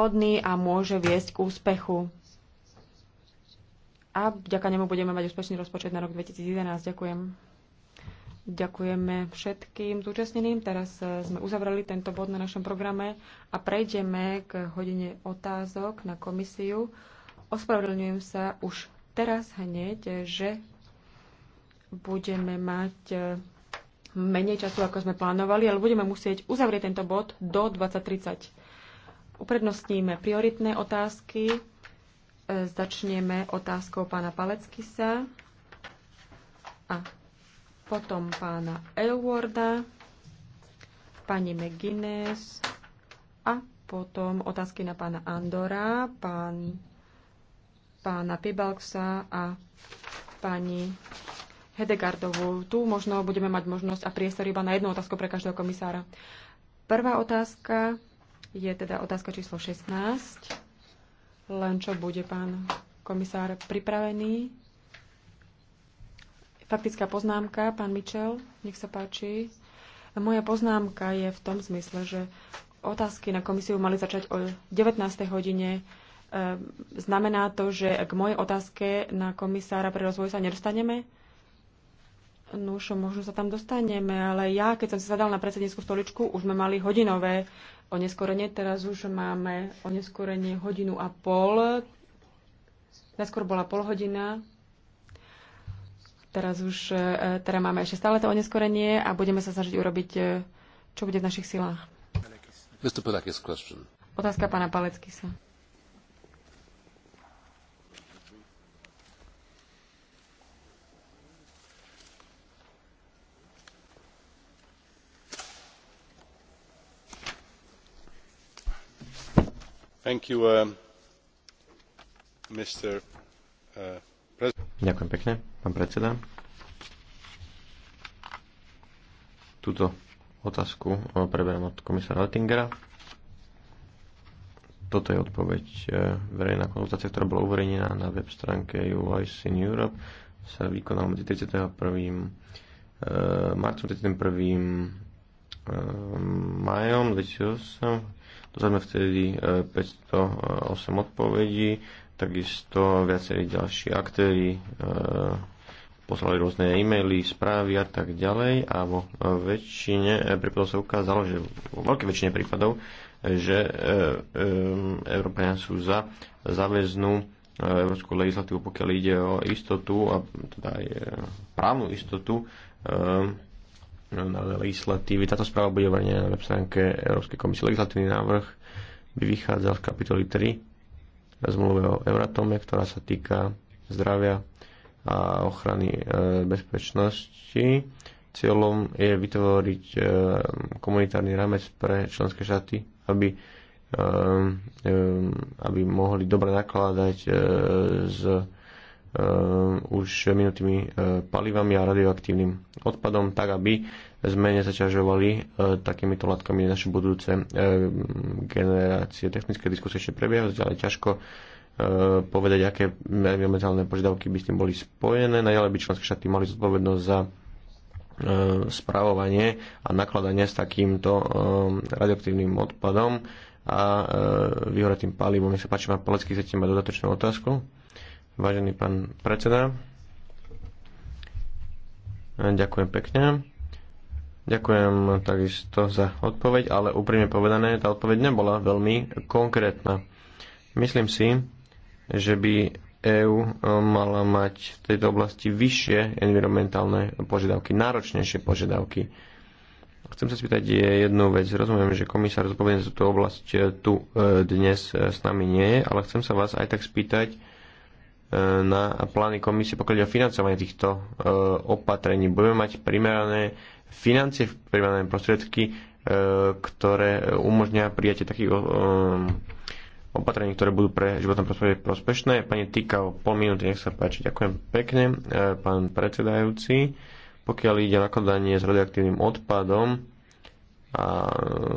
plodný a môže viesť k úspechu. A vďaka nemu budeme mať úspešný rozpočet na rok 2011. Ďakujem. Ďakujeme všetkým zúčastneným. Teraz e, sme uzavreli tento bod na našom programe a prejdeme k hodine otázok na komisiu. Ospravedlňujem sa už teraz hneď, že budeme mať e, menej času, ako sme plánovali, ale budeme musieť uzavrieť tento bod do 2030 uprednostníme prioritné otázky. E, začneme otázkou pána Paleckisa a potom pána Elwarda, pani McGuinness a potom otázky na pána Andora, pán, pána Pibalksa a pani Hedegardovú. Tu možno budeme mať možnosť a priestor iba na jednu otázku pre každého komisára. Prvá otázka je teda otázka číslo 16. Len čo bude pán komisár pripravený? Faktická poznámka, pán Mičel, nech sa páči. Moja poznámka je v tom zmysle, že otázky na komisiu mali začať o 19. hodine ehm, znamená to, že k mojej otázke na komisára pre rozvoj sa nedostaneme? šo, možno sa tam dostaneme, ale ja, keď som si zadal na predsednícku stoličku, už sme mali hodinové oneskorenie, teraz už máme oneskorenie hodinu a pol. Neskôr bola pol hodina, teraz už e, teda máme ešte stále to oneskorenie a budeme sa snažiť urobiť, e, čo bude v našich silách. Otázka pána Paleckisa. Uh, uh, Ďakujem pekne, pán predseda. Túto otázku preberám od komisára Oettingera. Toto je odpoveď e, verejná konzultácia, ktorá bola uverejnená na web stránke UIC in Europe. Sa vykonala medzi 31. E, marcom 31 majom 2008. Dozadme vtedy 508 e, odpovedí, takisto viacerí ďalší aktéry e, poslali rôzne e-maily, správy a tak ďalej a vo väčšine prípadov sa ukázalo, že vo veľkej väčšine prípadov, že e, Európania sú za záväznú európsku legislatívu, pokiaľ ide o istotu a teda aj právnu istotu na legislatívy. Táto správa bude uverejnená na web stránke Európskej komisie. Legislatívny návrh by vychádzal z kapitoly 3 zmluve o Euratome, ktorá sa týka zdravia a ochrany e, bezpečnosti. Cieľom je vytvoriť e, komunitárny ramec pre členské štáty, aby, e, e, aby mohli dobre nakladať e, Eh, už minutými eh, palivami a radioaktívnym odpadom, tak aby sme nezaťažovali eh, takýmito látkami naše budúce generácie. Technické diskusie ešte prebiehajú, ale ťažko povedať, aké environmentálne požiadavky by s tým boli spojené. Najďalej by členské štáty mali zodpovednosť za správovanie a nakladanie s takýmto radioaktívnym odpadom a vyhoratým palivom. Nech sa páči, pán Polecký, chcete mať dodatočnú otázku? Vážený pán predseda, ďakujem pekne. Ďakujem takisto za odpoveď, ale úprimne povedané, tá odpoveď nebola veľmi konkrétna. Myslím si, že by EÚ e, mala mať v tejto oblasti vyššie environmentálne požiadavky, náročnejšie požiadavky. Chcem sa spýtať jednu vec. Rozumiem, že komisár zodpovedný za túto oblasť tu e, dnes e, s nami nie je, ale chcem sa vás aj tak spýtať, na plány komisie, pokiaľ o financovanie týchto e, opatrení. Budeme mať primerané financie, primerané prostriedky, e, ktoré umožňujú prijatie takých e, opatrení, ktoré budú pre životné prostredie prospešné. Pani Tikal, pol minúty, nech sa páči. Ďakujem pekne, pán predsedajúci. Pokiaľ ide nakladanie s radioaktívnym odpadom, a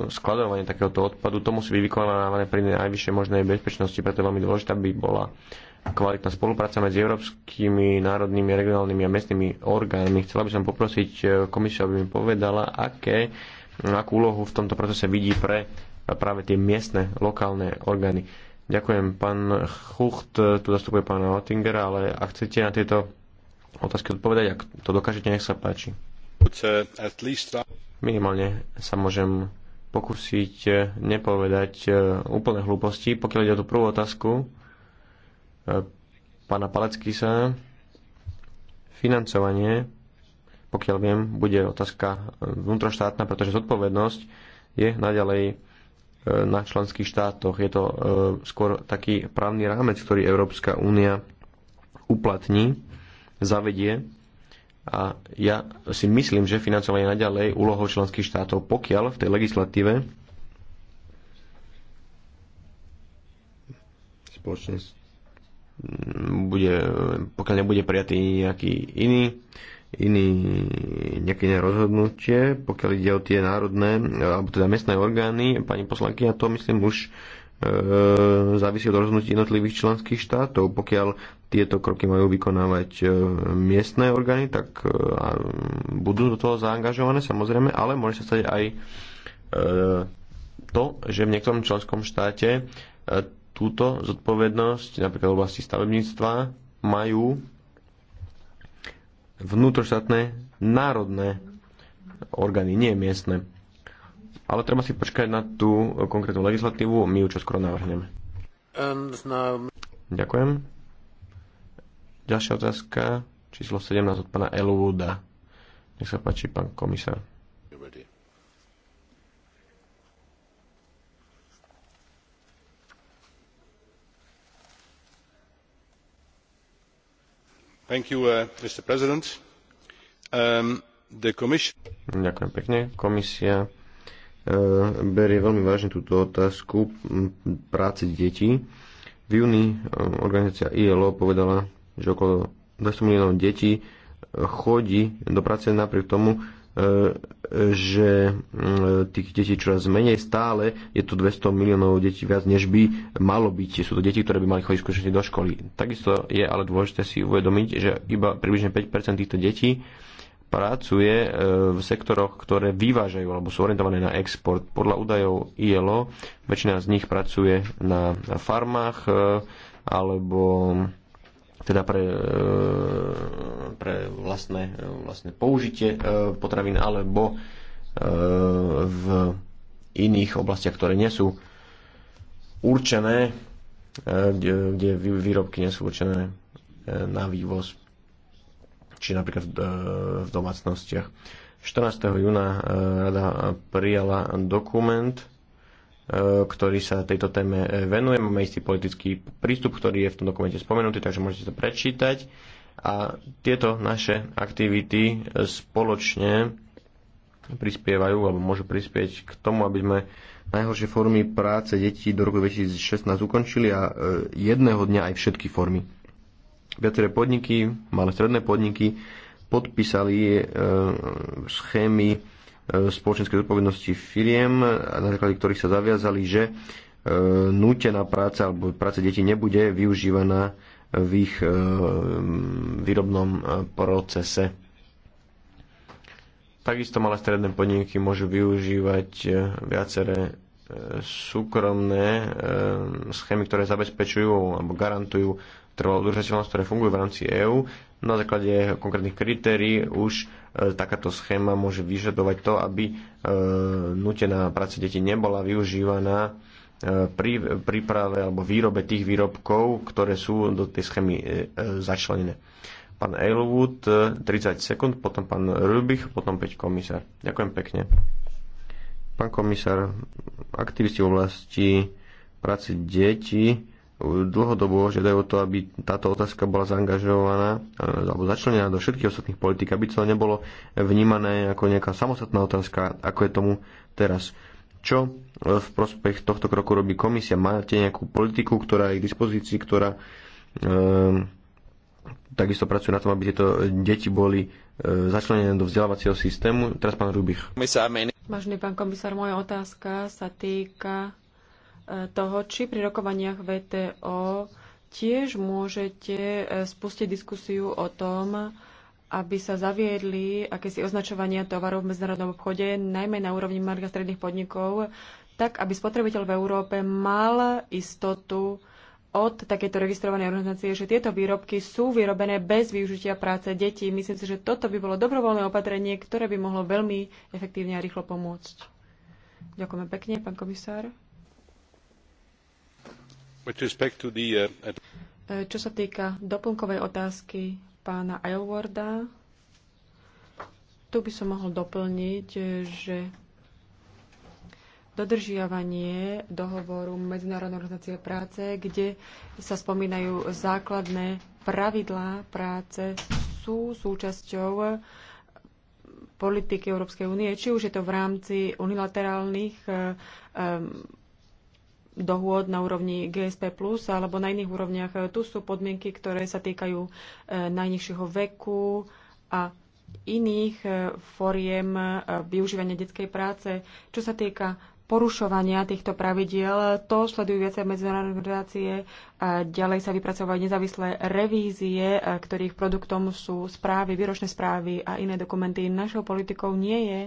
skladovanie takéhoto odpadu, to musí byť vykonávané pri najvyššej možnej bezpečnosti, preto je veľmi dôležité, aby bola kvalitná spolupráca medzi európskymi, národnými, regionálnymi a miestnymi orgánmi. Chcela by som poprosiť e, komisiu, aby mi povedala, aké, akú úlohu v tomto procese vidí pre e, práve tie miestne, lokálne orgány. Ďakujem, pán Chucht, e, tu zastupuje pána Oettingera, ale ak chcete na tieto otázky odpovedať, ak to dokážete, nech sa páči. Minimálne sa môžem pokúsiť nepovedať úplne hlúposti. Pokiaľ ide o tú prvú otázku, E, pána sa Financovanie, pokiaľ viem, bude otázka vnútroštátna, pretože zodpovednosť je naďalej e, na členských štátoch. Je to e, skôr taký právny rámec, ktorý Európska únia uplatní, zavedie a ja si myslím, že financovanie naďalej úlohou členských štátov, pokiaľ v tej legislatíve spoločne bude, pokiaľ nebude prijatý nejaký iný, iný nejaké iné rozhodnutie, pokiaľ ide o tie národné, alebo teda mestné orgány, pani poslanky, a to myslím už e, závisí od rozhodnutí jednotlivých členských štátov. Pokiaľ tieto kroky majú vykonávať e, miestne orgány, tak e, budú do toho zaangažované samozrejme, ale môže sa stať aj to, že v niektorom členskom štáte túto zodpovednosť, napríklad v oblasti stavebníctva, majú vnútroštátne národné orgány, nie miestne. Ale treba si počkať na tú konkrétnu legislatívu, my ju skoro navrhneme. Ďakujem. Ďalšia otázka, číslo 17 od pána Elwooda. Nech sa páči, pán komisár. Uh, um, Ďakujem pekne. Komisia uh, berie veľmi vážne túto otázku práce detí. V júni uh, organizácia ILO povedala, že okolo 200 miliónov detí chodí do práce napriek tomu, že E, že e, tých detí čoraz menej stále, je tu 200 miliónov detí viac, než by malo byť. Sú to deti, ktoré by mali chodiť skutočne do školy. Takisto je ale dôležité si uvedomiť, že iba približne 5% týchto detí pracuje e, v sektoroch, ktoré vyvážajú alebo sú orientované na export. Podľa údajov ILO väčšina z nich pracuje na farmách alebo teda pre, e, pre vlastné, e, vlastné použitie e, potravín alebo v iných oblastiach, ktoré nie sú určené, kde, kde výrobky nie sú určené na vývoz, či napríklad v domácnostiach. 14. júna rada prijala dokument, E, ktorý sa tejto téme e, venuje. Máme istý politický prístup, ktorý je v tom dokumente spomenutý, takže môžete to prečítať. A tieto naše aktivity e, spoločne prispievajú alebo môžu prispieť k tomu, aby sme najhoršie formy práce detí do roku 2016 ukončili a jedného dňa aj všetky formy. Viaceré podniky, malé stredné podniky podpísali schémy E, spoločenskej zodpovednosti firiem, na základe ktorých sa zaviazali, že e, nútená práca alebo práca detí nebude využívaná v ich e, výrobnom procese. Takisto malé stredné podniky môžu využívať viaceré súkromné schémy, ktoré zabezpečujú alebo garantujú trvalú udržateľnosť, ktoré fungujú v rámci EÚ. Na základe konkrétnych kritérií už E, takáto schéma môže vyžadovať to, aby e, nutená práca detí nebola využívaná e, pri príprave alebo výrobe tých výrobkov, ktoré sú do tej schémy začlenené. Pán Aylwood, 30 sekúnd, potom pán Rubich, potom 5 komisár. Ďakujem pekne. Pán komisár, aktivisti v oblasti práce detí dlhodobo žiadajú to, aby táto otázka bola zaangažovaná alebo začlenená do všetkých ostatných politik, aby to nebolo vnímané ako nejaká samostatná otázka, ako je tomu teraz. Čo e, v prospech tohto kroku robí komisia? Máte nejakú politiku, ktorá je k dispozícii, ktorá e, takisto pracuje na tom, aby tieto deti boli e, začlenené do vzdelávacieho systému? Teraz pán Rubich. Vážený pán komisár, moja otázka sa týka toho, či pri rokovaniach VTO tiež môžete e, spustiť diskusiu o tom, aby sa zaviedli akési označovania tovarov v medzinárodnom obchode, najmä na úrovni malých a stredných podnikov, tak aby spotrebiteľ v Európe mal istotu od takéto registrovanej organizácie, že tieto výrobky sú vyrobené bez využitia práce detí. Myslím si, že toto by bolo dobrovoľné opatrenie, ktoré by mohlo veľmi efektívne a rýchlo pomôcť. Ďakujeme pekne, pán komisár. Uh, e, čo sa týka doplnkovej otázky pána Aylwarda, tu by som mohol doplniť, e, že dodržiavanie dohovoru Medzinárodnej organizácie práce, kde sa spomínajú základné pravidlá práce, sú súčasťou politiky Európskej únie, či už je to v rámci unilaterálnych um, dohôd na úrovni GSP+, alebo na iných úrovniach. Tu sú podmienky, ktoré sa týkajú e, najnižšieho veku a iných e, foriem e, využívania detskej práce. Čo sa týka porušovania týchto pravidiel, to sledujú viacej medzinárodné organizácie. A ďalej sa vypracovajú nezávislé revízie, ktorých produktom sú správy, výročné správy a iné dokumenty. Našou politikou nie je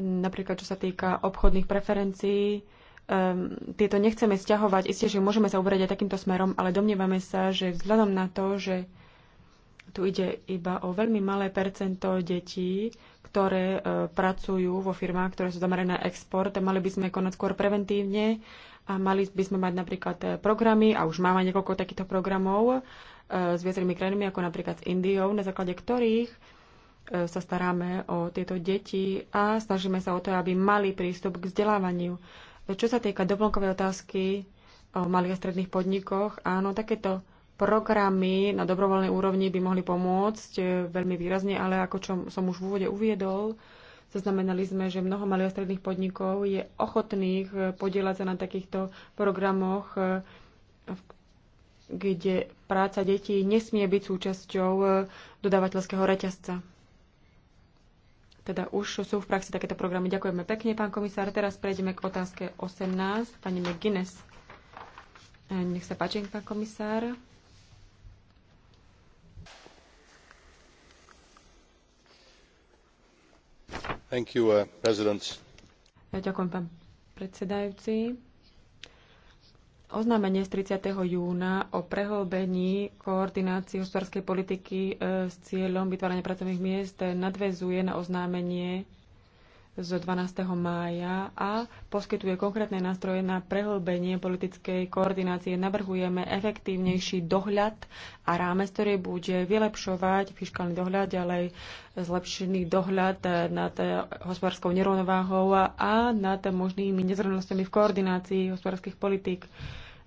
napríklad čo sa týka obchodných preferencií, um, tieto nechceme stiahovať. Isté, že môžeme sa uberať aj takýmto smerom, ale domnievame sa, že vzhľadom na to, že tu ide iba o veľmi malé percento detí, ktoré e, pracujú vo firmách, ktoré sú zamerané na export, mali by sme konať skôr preventívne a mali by sme mať napríklad e, programy, a už máme niekoľko takýchto programov e, s viacerými krajinami, ako napríklad s Indiou, na základe ktorých E, sa staráme o tieto deti a snažíme sa o to, aby mali prístup k vzdelávaniu. Čo sa týka doplnkovej otázky e, o malých a stredných podnikoch, áno, takéto programy na dobrovoľnej úrovni by mohli pomôcť e, veľmi výrazne, ale ako čo som už v úvode uviedol, zaznamenali sme, že mnoho malých a stredných podnikov je ochotných podielať sa na takýchto programoch, kde práca detí nesmie byť súčasťou dodávateľského reťazca teda už sú v praxi takéto programy. Ďakujeme pekne, pán komisár. Teraz prejdeme k otázke 18. Pani McGuinness. E, nech sa páči, pán komisár. Thank you, uh, President. Ja ďakujem, pán predsedajúci. Oznámenie z 30. júna o prehlbení koordinácie hospodárskej politiky e, s cieľom vytvárania pracovných miest nadvezuje na oznámenie z 12. mája a poskytuje konkrétne nástroje na prehlbenie politickej koordinácie. Navrhujeme efektívnejší dohľad a rámec, ktorý bude vylepšovať fiskálny dohľad, ďalej zlepšený dohľad nad hospodárskou nerovnováhou a nad možnými nezrovnalostiami v koordinácii hospodárskych politík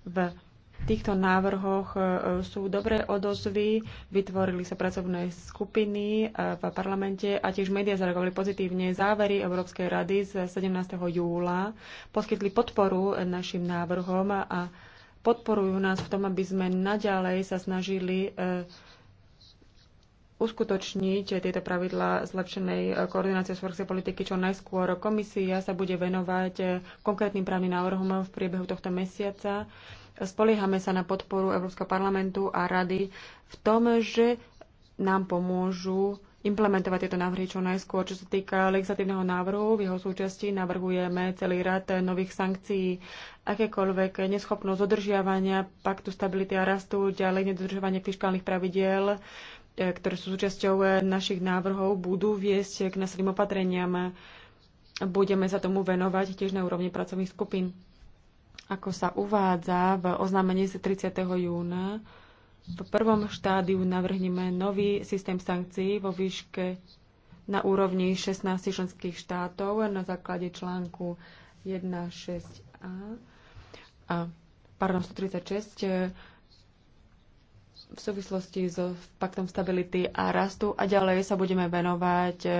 v týchto návrhoch e, e, sú dobré odozvy, vytvorili sa pracovné skupiny e, v parlamente a tiež médiá zareagovali pozitívne. Závery Európskej rady z 17. júla poskytli podporu našim návrhom a podporujú nás v tom, aby sme naďalej sa snažili uskutočniť tieto pravidlá zlepšenej koordinácie svorskej politiky čo najskôr. Komisia sa bude venovať konkrétnym právnym návrhom v priebehu tohto mesiaca Spoliehame sa na podporu Európskeho parlamentu a rady v tom, že nám pomôžu implementovať tieto návrhy čo najskôr. Čo sa týka legislatívneho návrhu, v jeho súčasti navrhujeme celý rad nových sankcií, akékoľvek neschopnosť dodržiavania paktu stability a rastu, ďalej nedodržovanie fiskálnych pravidiel, e, ktoré sú súčasťou našich návrhov, budú viesť k následným opatreniam. Budeme sa tomu venovať tiež na úrovni pracovných skupín. Ako sa uvádza v oznámení z 30. júna, v prvom štádiu navrhneme nový systém sankcií vo výške na úrovni 16 členských štátov na základe článku 1.6a a pardon, 136 e, v súvislosti so paktom stability a rastu a ďalej sa budeme venovať e,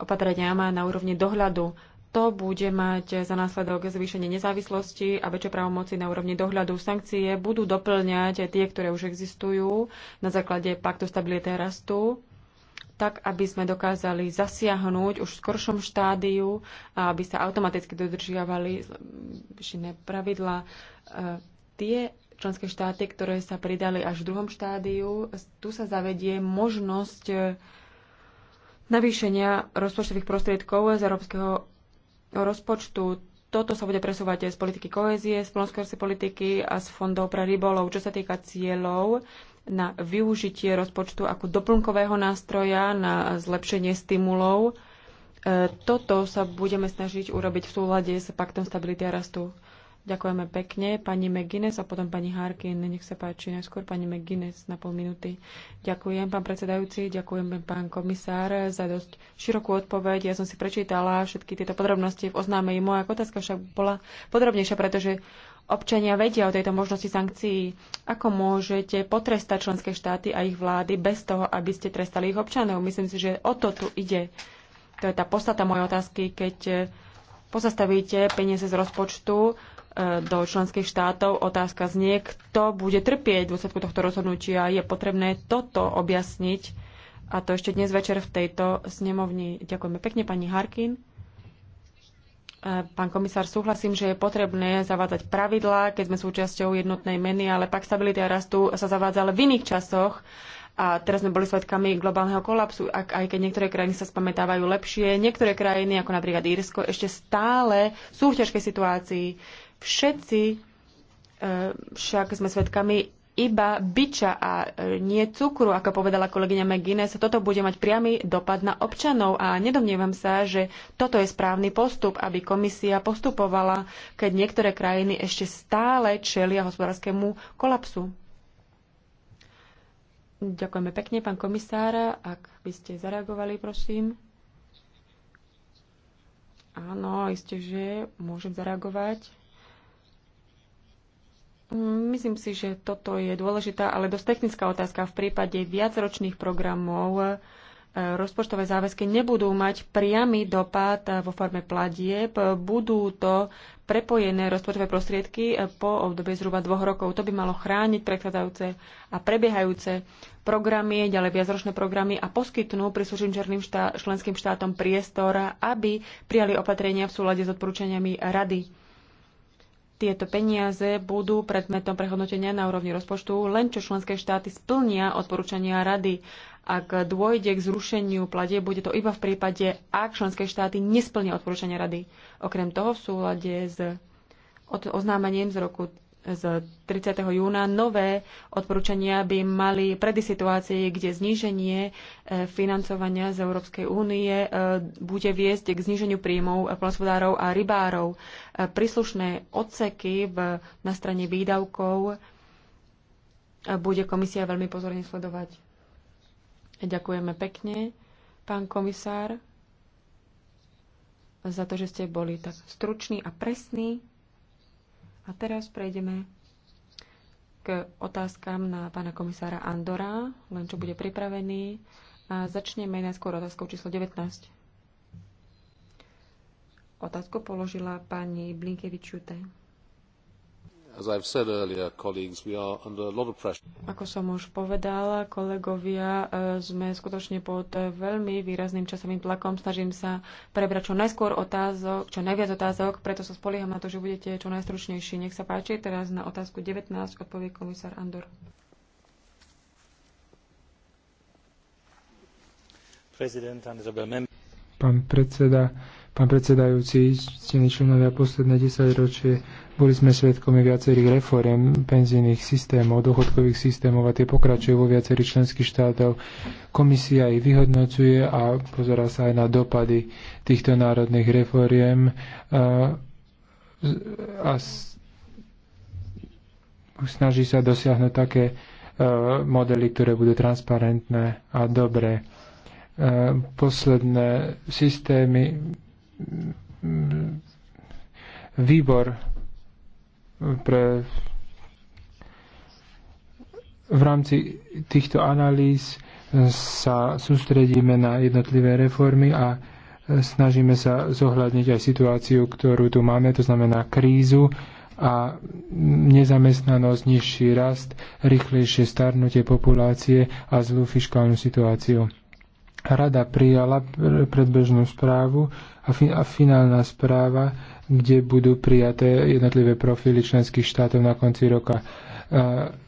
opatreniam na úrovni dohľadu to bude mať za následok zvýšenie nezávislosti a väčšie právomoci na úrovni dohľadu. Sankcie budú doplňať tie, ktoré už existujú na základe paktu stability a rastu tak, aby sme dokázali zasiahnuť už v skoršom štádiu a aby sa automaticky dodržiavali vyššie pravidla. E, tie členské štáty, ktoré sa pridali až v druhom štádiu, tu sa zavedie možnosť navýšenia rozpočtových prostriedkov z Európskeho rozpočtu. Toto sa bude presúvať aj z politiky kohezie, z polnoskôrskej politiky a z fondov pre rybolov. Čo sa týka cieľov na využitie rozpočtu ako doplnkového nástroja na zlepšenie stimulov, e, toto sa budeme snažiť urobiť v súlade s Paktom stability a rastu. Ďakujeme pekne. Pani McGuinness a potom pani Harkin. Nech sa páči najskôr pani McGuinness na pol minúty. Ďakujem, pán predsedajúci, ďakujem, pán komisár, za dosť širokú odpoveď. Ja som si prečítala všetky tieto podrobnosti v oznáme. Moja otázka však bola podrobnejšia, pretože občania vedia o tejto možnosti sankcií. Ako môžete potrestať členské štáty a ich vlády bez toho, aby ste trestali ich občanov? Myslím si, že o to tu ide. To je tá podstata mojej otázky, keď pozastavíte peniaze z rozpočtu, do členských štátov. Otázka znie, kto bude trpieť v dôsledku tohto rozhodnutia. Je potrebné toto objasniť a to ešte dnes večer v tejto snemovni. Ďakujeme pekne, pani Harkin. E, pán komisár, súhlasím, že je potrebné zavádzať pravidlá, keď sme súčasťou jednotnej meny, ale pak stability a rastu sa zavádzala v iných časoch a teraz sme boli svedkami globálneho kolapsu, ak, aj keď niektoré krajiny sa spamätávajú lepšie. Niektoré krajiny, ako napríklad Írsko, ešte stále sú v ťažkej situácii. Všetci e, však sme svedkami iba byča a e, nie cukru, ako povedala kolegyňa McGuinness. Toto bude mať priamy dopad na občanov a nedomnievam sa, že toto je správny postup, aby komisia postupovala, keď niektoré krajiny ešte stále čelia hospodárskému kolapsu. Ďakujeme pekne, pán komisár. Ak by ste zareagovali, prosím. Áno, isté, že môžem zareagovať. Mm, myslím si, že toto je dôležitá, ale dosť technická otázka. V prípade viacročných programov e, rozpočtové záväzky nebudú mať priamy dopad e, vo forme platieb. Budú to prepojené rozpočtové prostriedky e, po obdobie zhruba dvoch rokov. To by malo chrániť predchádzajúce a prebiehajúce programy, ďalej viacročné programy a poskytnú príslušným černým štá- členským štátom priestor, aby prijali opatrenia v súlade s odporúčaniami Rady tieto peniaze budú predmetom prehodnotenia na úrovni rozpočtu, len čo členské štáty splnia odporúčania rady. Ak dôjde k zrušeniu platie, bude to iba v prípade, ak členské štáty nesplnia odporúčania rady. Okrem toho v súlade s oznámením z roku z 30. júna nové odporúčania by mali predy situácii, kde zníženie e, financovania z Európskej únie e, bude viesť k zníženiu príjmov plnospodárov a rybárov. E, príslušné odseky v, na strane výdavkov bude komisia veľmi pozorne sledovať. Ďakujeme pekne, pán komisár, za to, že ste boli tak stručný a presný. A teraz prejdeme k otázkam na pána komisára Andora, len čo bude pripravený. A začneme najskôr otázkou číslo 19. Otázku položila pani Blinkevičute. Ako som už povedala, kolegovia, e, sme skutočne pod e, veľmi výrazným časovým tlakom. Snažím sa prebrať čo najskôr otázok, čo najviac otázok, preto sa spolieham na to, že budete čo najstručnejší. Nech sa páči, teraz na otázku 19 odpovie komisár Andor. Pán predseda, Pán predsedajúci, ctení členovia, posledné 10 ročie boli sme svedkomi viacerých reform penzijných systémov, dochodkových systémov a tie pokračujú vo viacerých členských štátov. Komisia ich vyhodnocuje a pozera sa aj na dopady týchto národných reforiem. A, a snaží sa dosiahnuť také e, modely, ktoré budú transparentné a dobré. E, posledné systémy výbor pre v rámci týchto analýz sa sústredíme na jednotlivé reformy a snažíme sa zohľadniť aj situáciu, ktorú tu máme, to znamená krízu a nezamestnanosť, nižší rast, rýchlejšie starnutie populácie a zlú fiskálnu situáciu. Rada prijala predbežnú správu a, a finálna správa, kde budú prijaté jednotlivé profily členských štátov na konci roka.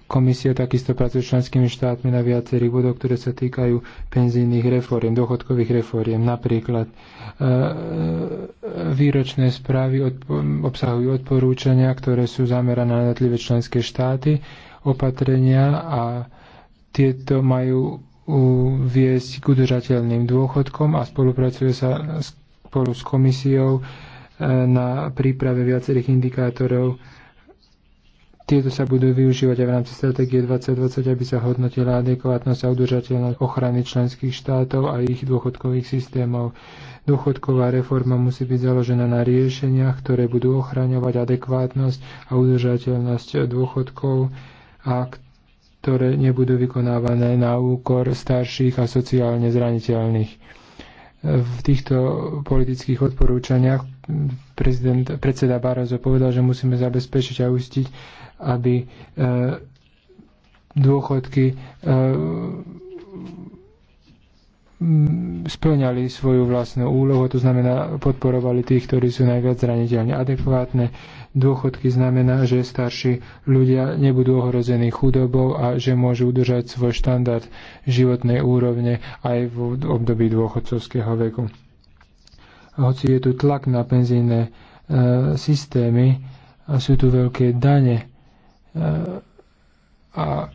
Komisia takisto pracuje s členskými štátmi na viacerých bodoch, ktoré sa týkajú penzijných reforiem, dochodkových reforiem. Napríklad e, výročné správy obsahujú odporúčania, ktoré sú zamerané na jednotlivé členské štáty, opatrenia a tieto majú viesť k udržateľným dôchodkom a spolupracuje sa s spolu s komisiou e, na príprave viacerých indikátorov. Tieto sa budú využívať aj v rámci stratégie 2020, aby sa hodnotila adekvátnosť a udržateľnosť ochrany členských štátov a ich dôchodkových systémov. Dôchodková reforma musí byť založená na riešeniach, ktoré budú ochraňovať adekvátnosť a udržateľnosť dôchodkov a ktoré nebudú vykonávané na úkor starších a sociálne zraniteľných v týchto politických odporúčaniach prezident, predseda Barazo povedal, že musíme zabezpečiť a ustiť, aby eh, dôchodky eh, Mm, splňali svoju vlastnú úlohu, to znamená podporovali tých, ktorí sú najviac zraniteľne adekvátne. Dôchodky znamená, že starší ľudia nebudú ohrození chudobou a že môžu udržať svoj štandard životnej úrovne aj v období dôchodcovského veku. Hoci je tu tlak na penzíne e, systémy a sú tu veľké dane e, a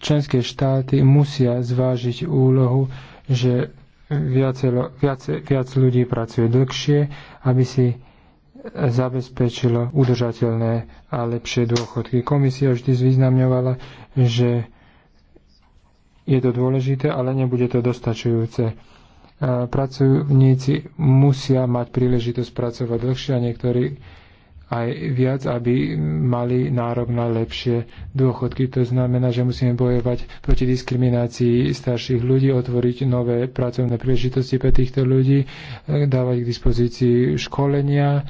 členské štáty musia zvážiť úlohu že viacelo, viac, viac ľudí pracuje dlhšie, aby si zabezpečilo udržateľné a lepšie dôchodky. Komisia vždy zvýznamňovala, že je to dôležité, ale nebude to dostačujúce. Pracovníci musia mať príležitosť pracovať dlhšie a niektorí aj viac, aby mali nárok na lepšie dôchodky. To znamená, že musíme bojovať proti diskriminácii starších ľudí, otvoriť nové pracovné príležitosti pre týchto ľudí, e, dávať k dispozícii školenia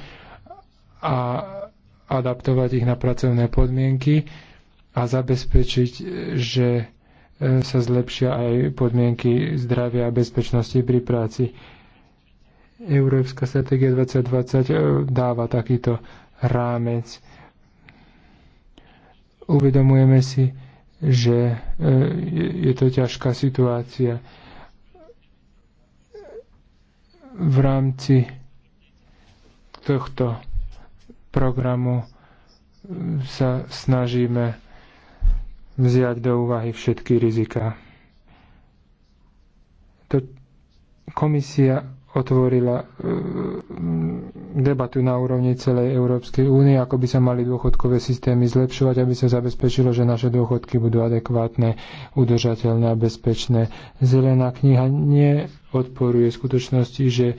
a adaptovať ich na pracovné podmienky a zabezpečiť, že e, sa zlepšia aj podmienky zdravia a bezpečnosti pri práci. Európska stratégia 2020 e, dáva takýto rámec. Uvedomujeme si, že e, je to ťažká situácia. V rámci tohto programu e, sa snažíme vziať do úvahy všetky rizika. To komisia otvorila e, debatu na úrovni celej Európskej únie, ako by sa mali dôchodkové systémy zlepšovať, aby sa zabezpečilo, že naše dôchodky budú adekvátne, udržateľné a bezpečné. Zelená kniha neodporuje skutočnosti, že e,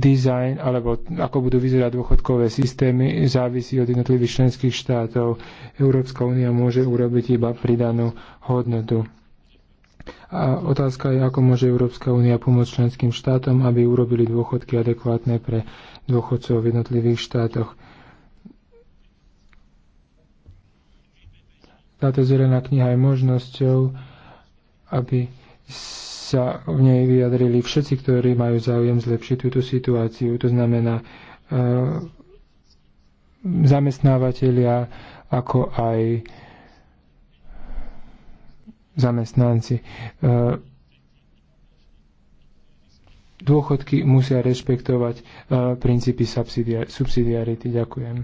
design alebo ako budú vyzerať dôchodkové systémy závisí od jednotlivých členských štátov. Európska únia môže urobiť iba pridanú hodnotu. A otázka je, ako môže Európska únia pomôcť členským štátom, aby urobili dôchodky adekvátne pre dôchodcov v jednotlivých štátoch. Táto zelená kniha je možnosťou, aby sa v nej vyjadrili všetci, ktorí majú záujem zlepšiť túto situáciu. To znamená, e, zamestnávateľia, ako aj zamestnanci. E, dôchodky musia rešpektovať e, princípy subsidiarity. Ďakujem.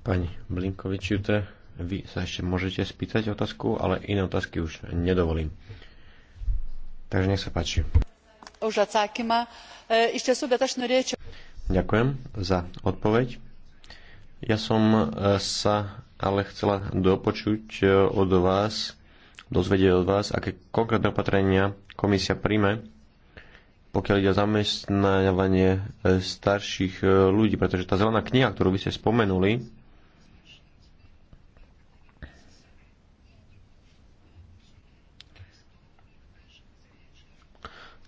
Pani Blinkovičiute, vy sa ešte môžete spýtať otázku, ale iné otázky už nedovolím. Takže nech sa páči. E, Ďakujem za odpoveď. Ja som sa ale chcela dopočuť e, od vás, dozvedieť od vás, aké konkrétne opatrenia komisia príjme, pokiaľ ide o zamestnávanie e, starších e, ľudí, pretože tá zelená kniha, ktorú by ste spomenuli,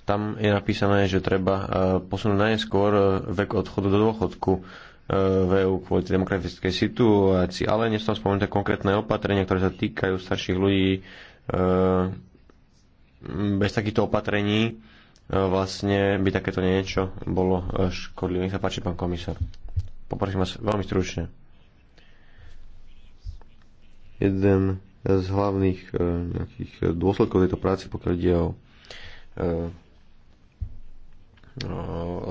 tam je napísané, že treba posunúť najskôr vek odchodu do dôchodku v EU kvôli demokratickej situácii, ale nie sú tam spomenuté konkrétne opatrenia, ktoré sa týkajú starších ľudí. E, bez takýchto opatrení e, vlastne by takéto niečo bolo škodlivé. Nech sa páči, pán komisár. Poprosím vás veľmi stručne. Jeden z hlavných e, nejakých dôsledkov tejto práce, pokiaľ ide o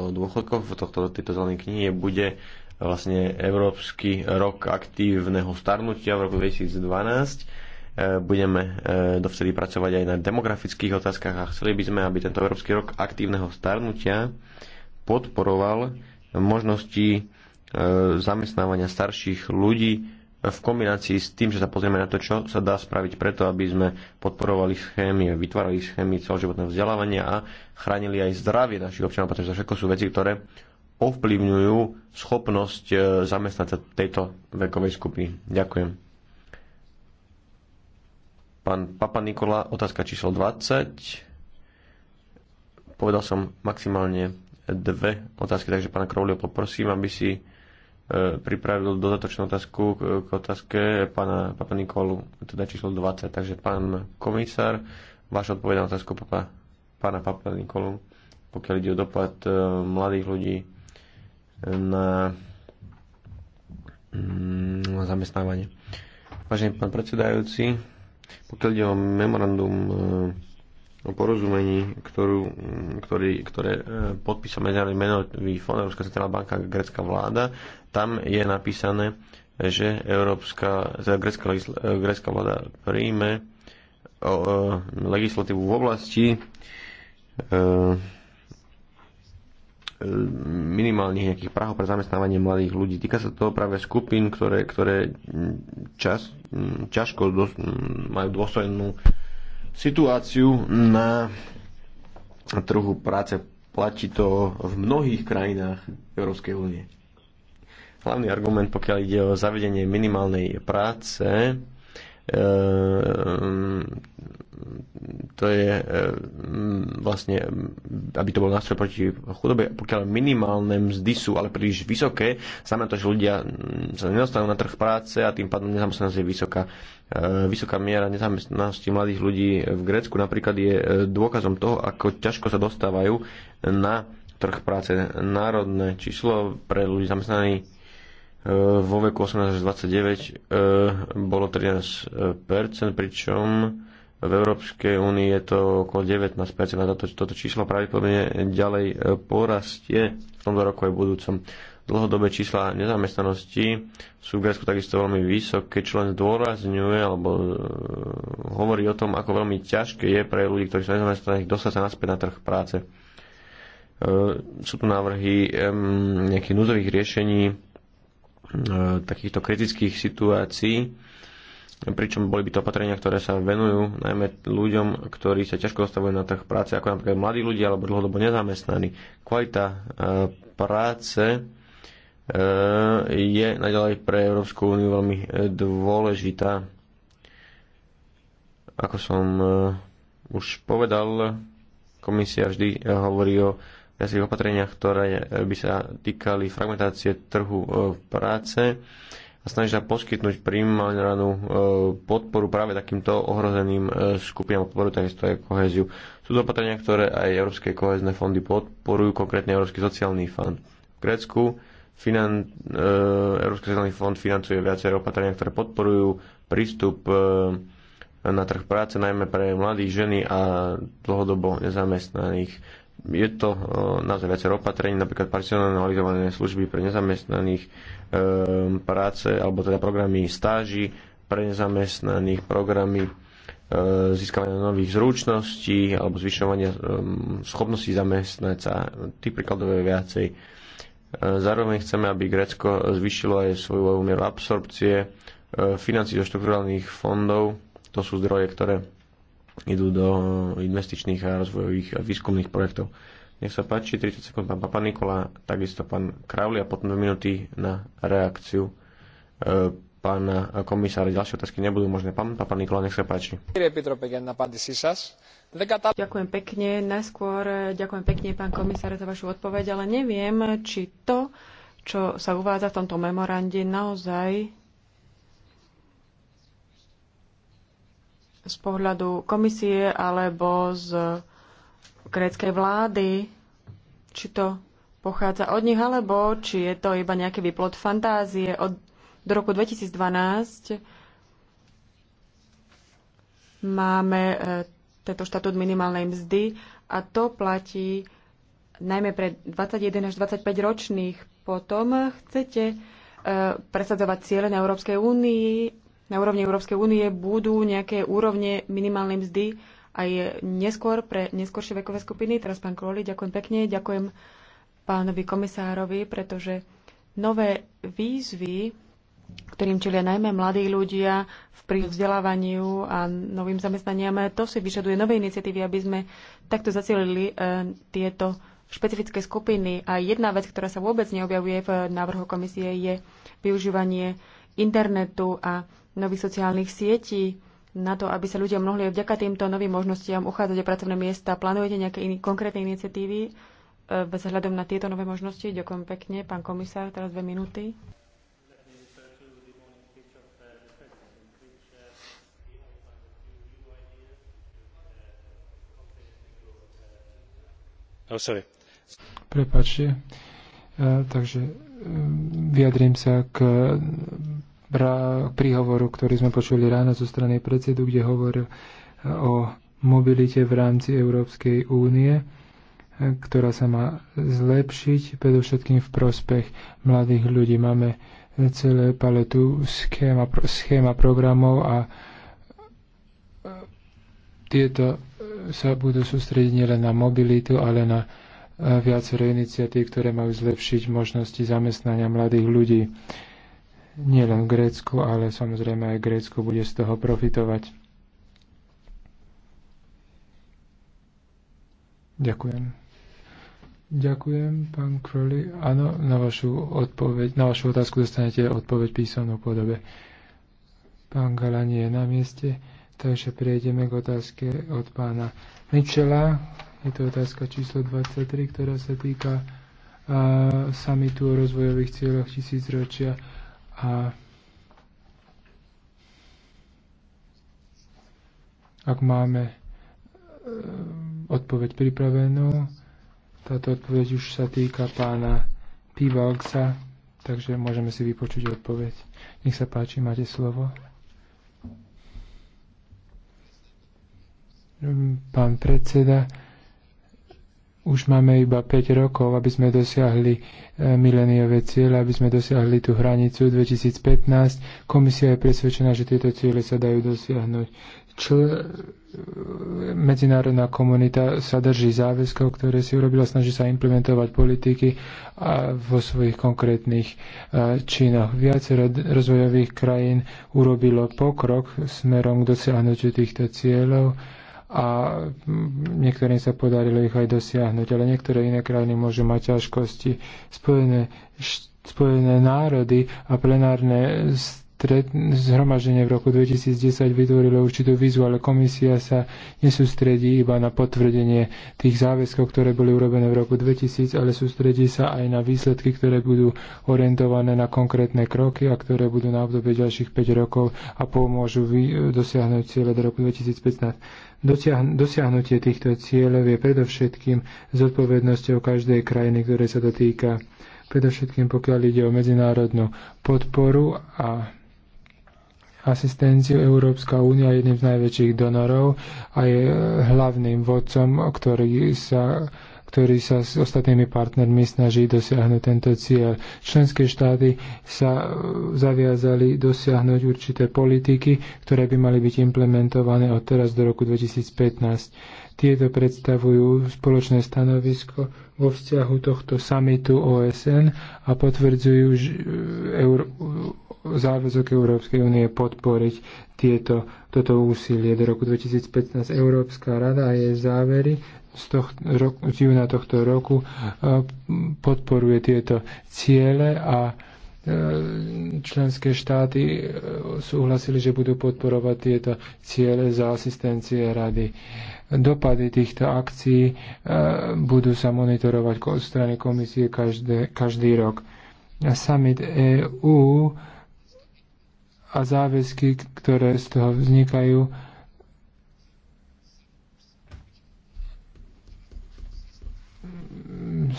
dôchodkov tohto, tejto zelenej knihy bude vlastne Európsky rok aktívneho starnutia v roku 2012. E, budeme e, dovtedy pracovať aj na demografických otázkach a chceli by sme, aby tento Európsky rok aktívneho starnutia podporoval možnosti e, zamestnávania starších ľudí v kombinácii s tým, že sa pozrieme na to, čo sa dá spraviť preto, aby sme podporovali schémy, vytvárali schémy celoživotného vzdelávania a chránili aj zdravie našich občanov, pretože to všetko sú veci, ktoré ovplyvňujú schopnosť e, zamestnať sa tejto vekovej skupiny. Ďakujem. Pán Papa Nikola, otázka číslo 20. Povedal som maximálne dve otázky, takže pána Krovlio poprosím, aby si e, pripravil dodatočnú otázku k otázke pána Papa Nikolu, teda číslo 20. Takže pán komisár, váš odpoveď na otázku papa, pána Papa Nikolu, pokiaľ ide o dopad e, mladých ľudí Mm, na zamestnávanie. Vážený pán predsedajúci, pokiaľ ide o memorandum eh, o porozumení, ktorú, mm, ktorý, ktoré eh, podpísal Medzinárodný menový fond Európska centrálna banka a grecká vláda, tam je napísané, že Európska, teda grecká, eh, grecká vláda príjme o, o, legislatívu v oblasti o, Eh, minimálnych nejakých prahov pre zamestnávanie mladých ľudí. Týka sa to práve skupín, ktoré, ktoré čas, mm, ťažko dos, mm, majú dôstojnú situáciu na trhu práce. Platí to v mnohých krajinách Európskej únie. Hlavný argument, pokiaľ ide o zavedenie minimálnej práce, eh, to je e, vlastne, aby to bol nástroj proti chudobe, pokiaľ minimálne mzdy sú ale príliš vysoké, znamená to, že ľudia sa nedostanú na trh práce a tým pádom nezamestnanosť je vysoká. E, vysoká miera nezamestnanosti mladých ľudí v Grécku napríklad je e, dôkazom toho, ako ťažko sa dostávajú na trh práce. Národné číslo pre ľudí zamestnaných vo veku 18 až 29 bolo 13%, pričom v Európskej únii je to okolo 19% a toto, toto číslo pravdepodobne ďalej e, porastie v tomto roku aj budúcom. Dlhodobé čísla nezamestnanosti sú v Grécku takisto veľmi vysoké, čo len zdôrazňuje alebo uh, hovorí o tom, ako veľmi ťažké je pre ľudí, ktorí sú nezamestnaní, dostať sa naspäť na trh práce. Uh, sú tu návrhy um, nejakých núzových riešení uh, takýchto kritických situácií, pričom boli by to opatrenia, ktoré sa venujú najmä ľuďom, ktorí sa ťažko dostavujú na trh práce, ako napríklad mladí ľudia alebo dlhodobo nezamestnaní. Kvalita e, práce e, je naďalej pre Európsku úniu veľmi e, dôležitá. Ako som už povedal, komisia vždy hovorí o viacerých opatreniach, ktoré by sa týkali fragmentácie trhu práce a snaží sa poskytnúť primárnu e, podporu práve takýmto ohrozeným e, skupinám, podporu takisto aj koheziu. Sú to opatrenia, ktoré aj Európske kohezné fondy podporujú, konkrétne Európsky sociálny fond. V Grécku finan, e, Európsky sociálny fond financuje viaceré opatrenia, ktoré podporujú prístup na trh práce, najmä pre mladých ženy a dlhodobo nezamestnaných je to e, naozaj viacero opatrení, napríklad personalizované služby pre nezamestnaných, e, práce alebo teda programy stáži pre nezamestnaných, programy e, získavania nových zručností alebo zvyšovania schopností zamestnať sa. Tých príkladov je viacej. Zároveň chceme, aby Grécko zvyšilo aj svoju mieru absorpcie financí zo štrukturálnych fondov. To sú zdroje, ktoré idú do investičných a rozvojových a výskumných projektov. Nech sa páči, 30 sekúnd pán Papa Nikola, takisto pán Kravli a potom 2 minúty na reakciu e, pána komisára. Ďalšie otázky nebudú možné. Pán Papa Nikola, nech sa páči. Ďakujem pekne. Najskôr e, ďakujem pekne, pán komisár, za vašu odpoveď, ale neviem, či to, čo sa uvádza v tomto memorande, naozaj z pohľadu komisie alebo z gréckej vlády, či to pochádza od nich, alebo či je to iba nejaký výplod fantázie. Od, do roku 2012 máme e, tento štatút minimálnej mzdy a to platí najmä pre 21 až 25 ročných. Potom chcete e, presadzovať cieľe na Európskej únii na úrovni Európskej únie budú nejaké úrovne minimálnej mzdy aj neskôr pre neskôršie vekové skupiny. Teraz pán Kroli, ďakujem pekne, ďakujem pánovi komisárovi, pretože nové výzvy, ktorým čelia najmä mladí ľudia v pri vzdelávaniu a novým zamestnaniam, to si vyžaduje nové iniciatívy, aby sme takto zacielili e, tieto špecifické skupiny. A jedna vec, ktorá sa vôbec neobjavuje v návrhu komisie, je využívanie internetu a nových sociálnych sietí na to, aby sa ľudia mohli vďaka týmto novým možnostiam uchádzať o pracovné miesta. Plánujete nejaké iné konkrétne iniciatívy e, bez hľadom na tieto nové možnosti? Ďakujem pekne. Pán komisár, teraz dve minúty. Oh, sorry. Prepačte. E, takže e, vyjadrím sa k príhovoru, ktorý sme počuli ráno zo strany predsedu, kde hovoril eh, o mobilite v rámci Európskej únie, eh, ktorá sa má zlepšiť, predovšetkým v prospech mladých ľudí. Máme eh, celé paletu schéma, schéma programov a tieto sa budú sústrediť nielen na mobilitu, ale na viacero iniciatív, ktoré majú zlepšiť možnosti zamestnania mladých ľudí nielen v Grécku, ale samozrejme aj Grécku bude z toho profitovať. Ďakujem. Ďakujem, pán Crowley. Áno, na vašu, odpoveď, na vašu otázku dostanete odpoveď písomnou podobe. Pán Gala nie je na mieste, takže prejdeme k otázke od pána Michela. Je to otázka číslo 23, ktorá sa týka uh, samitu o rozvojových cieľoch tisícročia. A ak máme eh, odpoveď pripravenú, táto odpoveď už sa týka pána Pivalksa, takže môžeme si vypočuť odpoveď. Nech sa páči, máte slovo. Pán predseda, už máme iba 5 rokov, aby sme dosiahli e, mileniové ciele, aby sme dosiahli tú hranicu 2015. Komisia je presvedčená, že tieto ciele sa dajú dosiahnuť. Čl- e, medzinárodná komunita sa drží záväzkov, ktoré si urobila, snaží sa implementovať politiky a vo svojich konkrétnych e, činoch. Viacero rozvojových krajín urobilo pokrok smerom k dosiahnutiu týchto cieľov a niektorým sa podarilo ich aj dosiahnuť, ale niektoré iné krajiny môžu mať ťažkosti. Spojené, Spojené národy a plenárne zhromaženie v roku 2010 vytvorilo určitú výzvu, ale komisia sa nesústredí iba na potvrdenie tých záväzkov, ktoré boli urobené v roku 2000, ale sústredí sa aj na výsledky, ktoré budú orientované na konkrétne kroky a ktoré budú na obdobie ďalších 5 rokov a pomôžu dosiahnuť cieľe do roku 2015. Dosiahnutie týchto cieľov je predovšetkým zodpovednosťou každej krajiny, ktoré sa to týka predovšetkým pokiaľ ide o medzinárodnú podporu a asistenciu. Európska únia je jedným z najväčších donorov a je eh, hlavným vodcom, ktorý sa ktorý sa s ostatnými partnermi snaží dosiahnuť tento cieľ. Členské štáty sa eh, zaviazali dosiahnuť určité politiky, ktoré by mali byť implementované od teraz do roku 2015. Tieto predstavujú spoločné stanovisko vo vzťahu tohto samitu OSN a potvrdzujú e, Euró- záväzok Európskej únie podporiť tieto, toto úsilie. Do roku 2015 Európska rada a jej závery z, tohto, roku, z júna tohto roku e, podporuje tieto ciele a E, členské štáty e, súhlasili, že budú podporovať tieto ciele za asistencie rady. Dopady týchto akcií e, budú sa monitorovať od strany komisie každé, každý rok. Summit EU a záväzky, ktoré z toho vznikajú,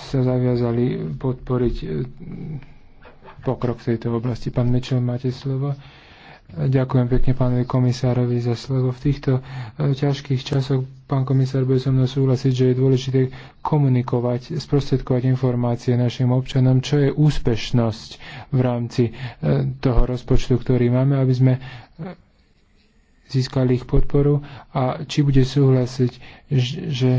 sa zaviazali podporiť pokrok v tejto oblasti. Pán Mečel, máte slovo. Ďakujem pekne pánovi komisárovi za slovo. V týchto e, ťažkých časoch pán komisár bude so mnou súhlasiť, že je dôležité komunikovať, sprostredkovať informácie našim občanom, čo je úspešnosť v rámci e, toho rozpočtu, ktorý máme, aby sme e, získali ich podporu a či bude súhlasiť, že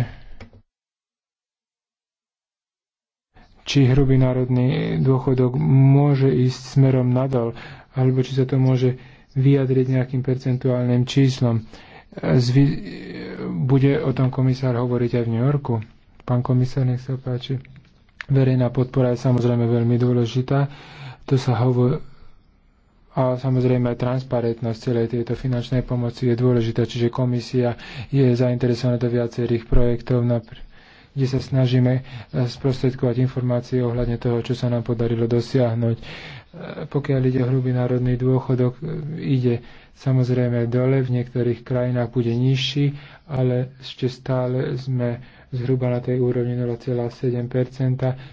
či hrubý národný dôchodok môže ísť smerom nadol, alebo či sa to môže vyjadriť nejakým percentuálnym číslom. Zvi- Bude o tom komisár hovoriť aj v New Yorku. Pán komisár, nech sa páči. Verejná podpora je samozrejme veľmi dôležitá. To sa hovorí a samozrejme aj transparentnosť celej tejto finančnej pomoci je dôležitá, čiže komisia je zainteresovaná do viacerých projektov, napríklad kde sa snažíme e, sprostredkovať informácie ohľadne toho, čo sa nám podarilo dosiahnuť. E, pokiaľ ide o hrubý národný dôchodok, e, ide samozrejme dole, v niektorých krajinách bude nižší, ale ešte stále sme zhruba na tej úrovni 0,7%,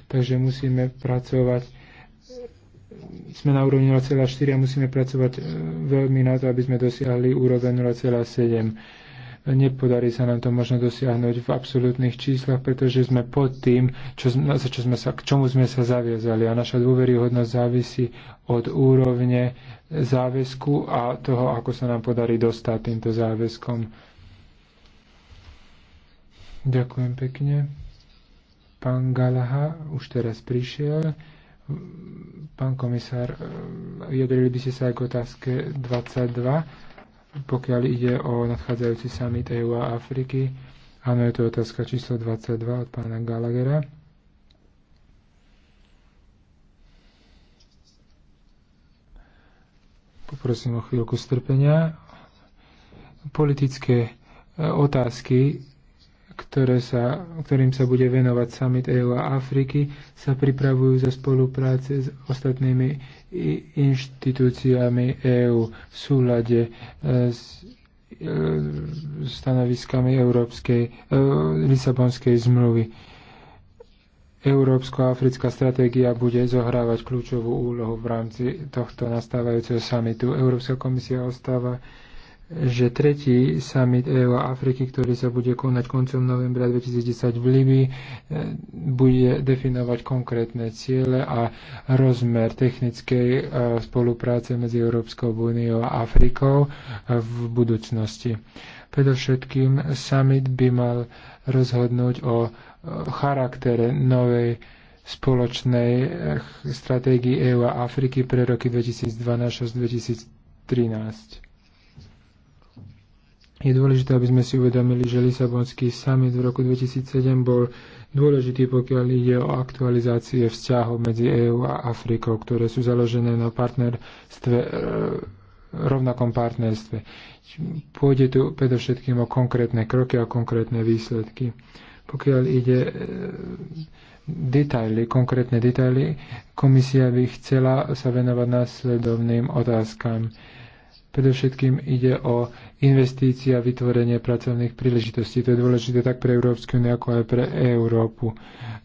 takže musíme pracovať sme na úrovni 0,4 a musíme pracovať veľmi na to, aby sme dosiahli úroveň 0,7 Nepodarí sa nám to možno dosiahnuť v absolútnych číslach, pretože sme pod tým, čo, za čo sme sa, k čomu sme sa zaviazali. A naša dôveryhodnosť závisí od úrovne záväzku a toho, ako sa nám podarí dostať týmto záväzkom. Ďakujem pekne. Pán Galaha už teraz prišiel. Pán komisár, eh, vyjadrili by ste sa aj k otázke 22 pokiaľ ide o nadchádzajúci summit EU a Afriky. Áno, je to otázka číslo 22 od pána Gallaghera. Poprosím o chvíľku strpenia. Politické e, otázky ktoré sa, ktorým sa bude venovať summit EU a Afriky, sa pripravujú za spolupráce s ostatnými inštitúciami EÚ v súlade e, s e, stanoviskami Európskej, e, Lisabonskej zmluvy. Európsko-africká stratégia bude zohrávať kľúčovú úlohu v rámci tohto nastávajúceho samitu. Európska komisia ostáva že tretí summit EU a Afriky, ktorý sa bude konať koncom novembra 2010 v Libii, e, bude definovať konkrétne ciele a rozmer technickej e, spolupráce medzi Európskou úniou a Afrikou e, v budúcnosti. Predovšetkým summit by mal rozhodnúť o charaktere novej spoločnej stratégii EU a Afriky pre roky 2012 2013. Je dôležité, aby sme si uvedomili, že Lisabonský summit v roku 2007 bol dôležitý, pokiaľ ide o aktualizácie vzťahov medzi EÚ a Afrikou, ktoré sú založené na partnerstve, e, rovnakom partnerstve. Pôjde tu predovšetkým o konkrétne kroky a konkrétne výsledky. Pokiaľ ide e, detaily, konkrétne detaily, komisia by chcela sa venovať následovným otázkam Predovšetkým ide o investície a vytvorenie pracovných príležitostí. To je dôležité tak pre Európsku úniu, ako aj pre Európu.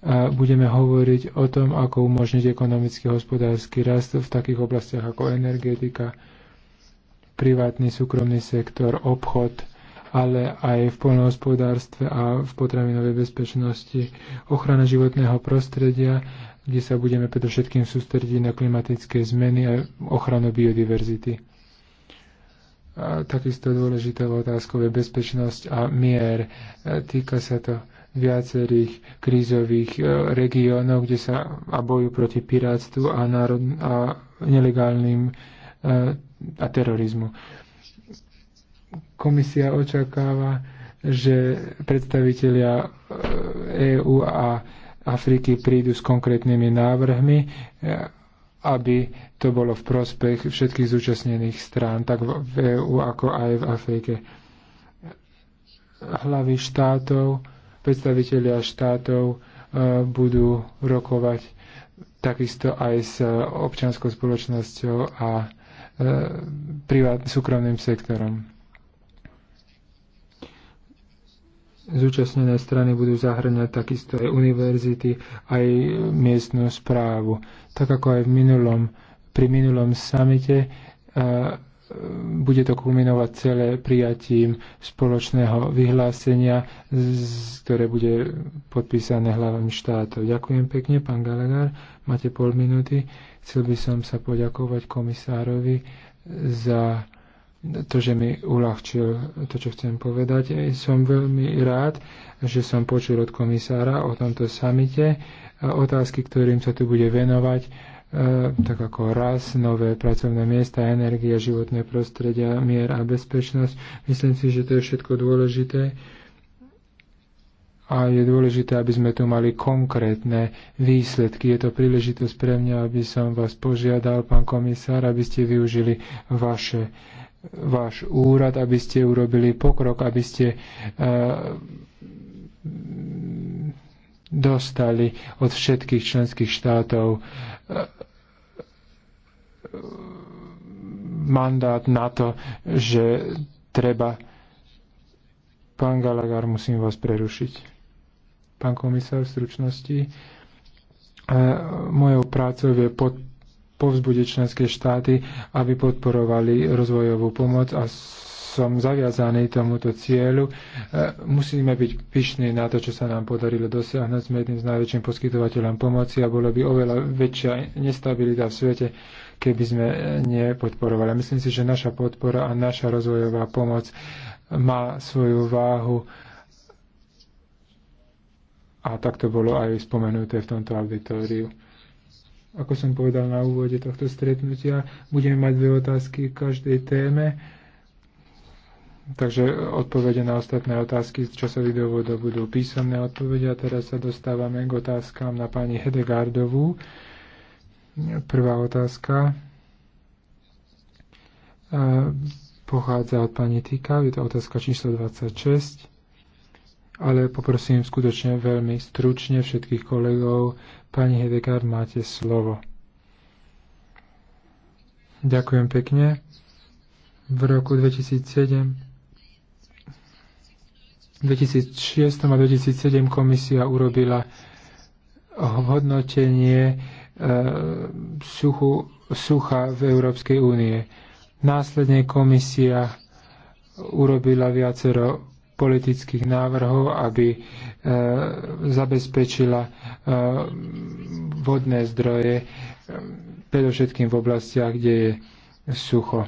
A budeme hovoriť o tom, ako umožniť ekonomický hospodársky rast v takých oblastiach ako energetika, privátny súkromný sektor, obchod, ale aj v poľnohospodárstve a v potravinovej bezpečnosti, ochrana životného prostredia, kde sa budeme predovšetkým sústrediť na klimatické zmeny a ochranu biodiverzity. Takisto dôležitou otázkou je bezpečnosť a mier. E, týka sa to viacerých krízových e, regiónov, kde sa a boju proti pirátstvu a, národ, a nelegálnym e, a terorizmu. Komisia očakáva, že predstavitelia EÚ a Afriky prídu s konkrétnymi návrhmi aby to bolo v prospech všetkých zúčastnených strán, tak v EU ako aj v Afrike. Hlavy štátov, predstavitelia štátov e, budú rokovať takisto aj s občianskou spoločnosťou a e, privát, súkromným sektorom. zúčastnené strany budú zahrňať takisto aj univerzity, aj miestnú správu. Tak ako aj v minulom, pri minulom samite bude to kulminovať celé prijatím spoločného vyhlásenia, ktoré bude podpísané hlavami štátov. Ďakujem pekne, pán Galenár, Máte pol minúty. Chcel by som sa poďakovať komisárovi za to, že mi uľahčil to, čo chcem povedať. Som veľmi rád, že som počul od komisára o tomto samite e, otázky, ktorým sa tu bude venovať, e, tak ako raz, nové pracovné miesta, energia, životné prostredia, mier a bezpečnosť. Myslím si, že to je všetko dôležité a je dôležité, aby sme tu mali konkrétne výsledky. Je to príležitosť pre mňa, aby som vás požiadal, pán komisár, aby ste využili vaše uh, váš úrad, aby ste urobili pokrok, aby ste e, dostali od všetkých členských štátov e, mandát na to, že treba. Pán Galagar, musím vás prerušiť. Pán komisár, v stručnosti, e, mojou prácou je pod povzbudiť členské štáty, aby podporovali rozvojovú pomoc a som zaviazaný tomuto cieľu. E, musíme byť pyšní na to, čo sa nám podarilo dosiahnuť. Sme jedným z najväčším poskytovateľom pomoci a bolo by oveľa väčšia nestabilita v svete, keby sme nepodporovali. Myslím si, že naša podpora a naša rozvojová pomoc má svoju váhu a tak to bolo aj spomenuté v tomto auditoriu. Ako som povedal na úvode tohto stretnutia, budeme mať dve otázky k každej téme. Takže odpovede na ostatné otázky z časových dôvodov budú písomné odpovede a teraz sa dostávame k otázkám na pani Hedegardovú. Prvá otázka e, pochádza od pani Tika, je to otázka číslo 26 ale poprosím skutočne veľmi stručne všetkých kolegov. Pani Hedekár, máte slovo. Ďakujem pekne. V roku 2007 2006 a 2007 komisia urobila hodnotenie e, suchu, sucha v Európskej únie. Následne komisia urobila viacero politických návrhov, aby e, zabezpečila e, vodné zdroje, e, predovšetkým v oblastiach, kde je sucho.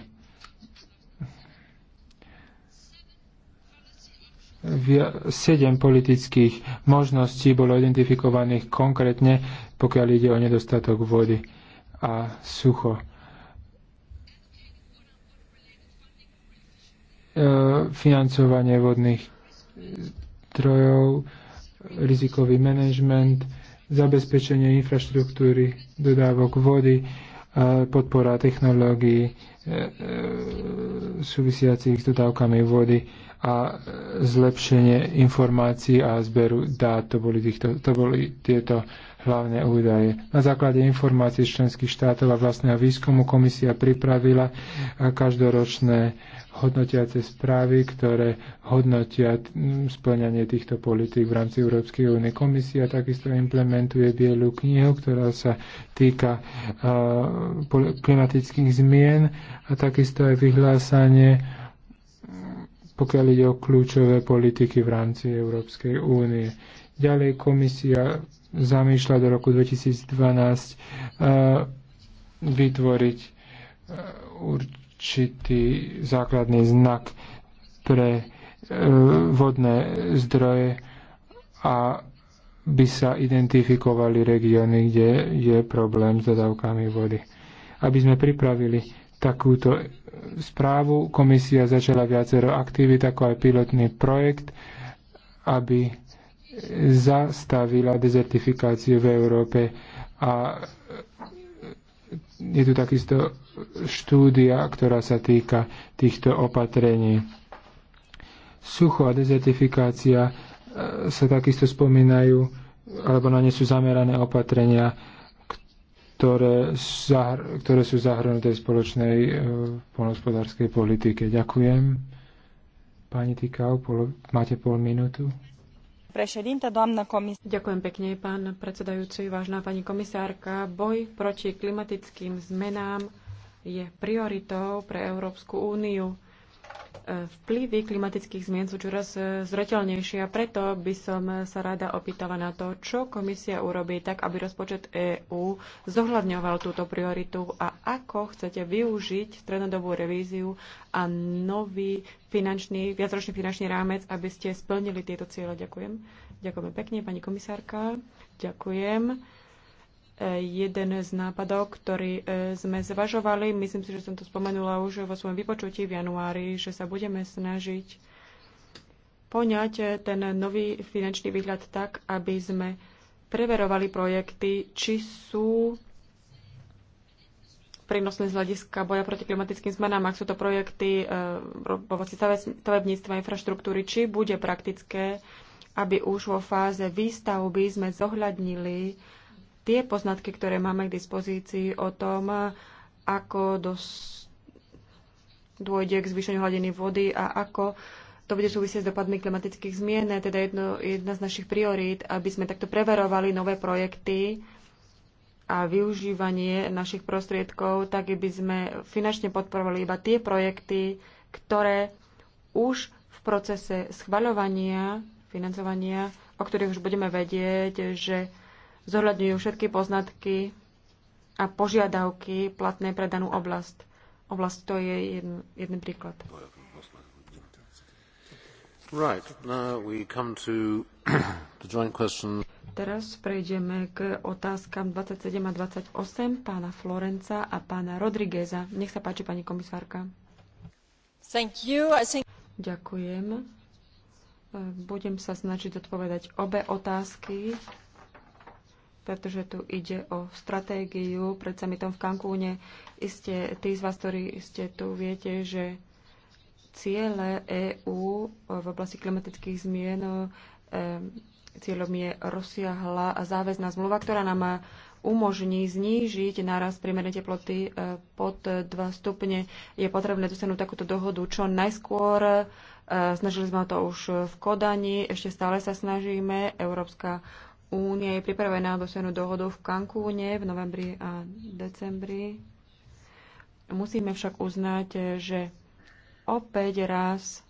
Sedem politických možností bolo identifikovaných konkrétne, pokiaľ ide o nedostatok vody a sucho financovanie vodných zdrojov, rizikový manažment, zabezpečenie infraštruktúry, dodávok vody, e, podpora technológií e, e, súvisiacich s dodávkami vody a zlepšenie informácií a zberu dát. To boli, týchto, to boli tieto hlavné údaje. Na základe informácií z členských štátov a vlastného výskumu komisia pripravila e, každoročné hodnotiace správy, ktoré hodnotia splňanie týchto politík v rámci Európskej únie. Komisia takisto implementuje bielu knihu, ktorá sa týka e, klimatických zmien a takisto aj vyhlásanie pokiaľ ide o kľúčové politiky v rámci Európskej únie. Ďalej komisia zamýšľa do roku 2012 e, vytvoriť e, určitý základný znak pre e, vodné zdroje a by sa identifikovali regióny, kde je problém s dodávkami vody. Aby sme pripravili takúto správu, komisia začala viacero aktivít, ako aj pilotný projekt, aby zastavila dezertifikáciu v Európe a je tu takisto štúdia, ktorá sa týka týchto opatrení. Sucho a dezertifikácia e, sa takisto spomínajú, alebo na ne sú zamerané opatrenia, ktoré, zahr- ktoré sú zahrnuté v spoločnej e, polnospodárskej politike. Ďakujem. Pani Tikau, máte pol minútu. Ďakujem pekne, pán predsedajúci, vážna pani komisárka. Boj proti klimatickým zmenám je prioritou pre Európsku úniu vplyvy klimatických zmien sú čoraz e, zreteľnejšie a preto by som e, sa rada opýtala na to, čo komisia urobí tak, aby rozpočet EÚ zohľadňoval túto prioritu a ako chcete využiť strednodobú revíziu a nový finančný, viacročný finančný rámec, aby ste splnili tieto cieľe. Ďakujem. Ďakujeme pekne, pani komisárka. Ďakujem jeden z nápadov, ktorý e, sme zvažovali. Myslím si, že som to spomenula už vo svojom vypočutí v januári, že sa budeme snažiť poňať e, ten nový finančný výhľad tak, aby sme preverovali projekty, či sú prínosné z hľadiska boja proti klimatickým zmenám, ak sú to projekty e, v oblasti stavebníctva, infraštruktúry, či bude praktické, aby už vo fáze výstavby sme zohľadnili tie poznatky, ktoré máme k dispozícii o tom, ako dôjde k zvýšeniu hladiny vody a ako to bude súvisieť s dopadmi klimatických zmien. Teda jedno, jedna z našich priorít, aby sme takto preverovali nové projekty a využívanie našich prostriedkov, tak by sme finančne podporovali iba tie projekty, ktoré už v procese schvaľovania, financovania, o ktorých už budeme vedieť, že zohľadňujú všetky poznatky a požiadavky platné pre danú oblasť. Oblasť to je jeden, jeden príklad. Right, now we come to the joint question. Teraz prejdeme k otázkam 27 a 28 pána Florenca a pána Rodrigueza. Nech sa páči, pani komisárka. Thank you. I think... Ďakujem. Budem sa snažiť odpovedať obe otázky pretože tu ide o stratégiu pred samitom v Cancúne. Iste tí z vás, ktorí ste tu, viete, že ciele EÚ v oblasti klimatických zmien e, cieľom je rozsiahla a záväzná zmluva, ktorá nám umožní znížiť náraz priemernej teploty e, pod 2 stupne. Je potrebné dosiahnuť takúto dohodu čo najskôr. E, snažili sme to už v Kodani, ešte stále sa snažíme. Európska únia je pripravená dosiahnuť dohodu v Cancúne v novembri a decembri. Musíme však uznať, že opäť raz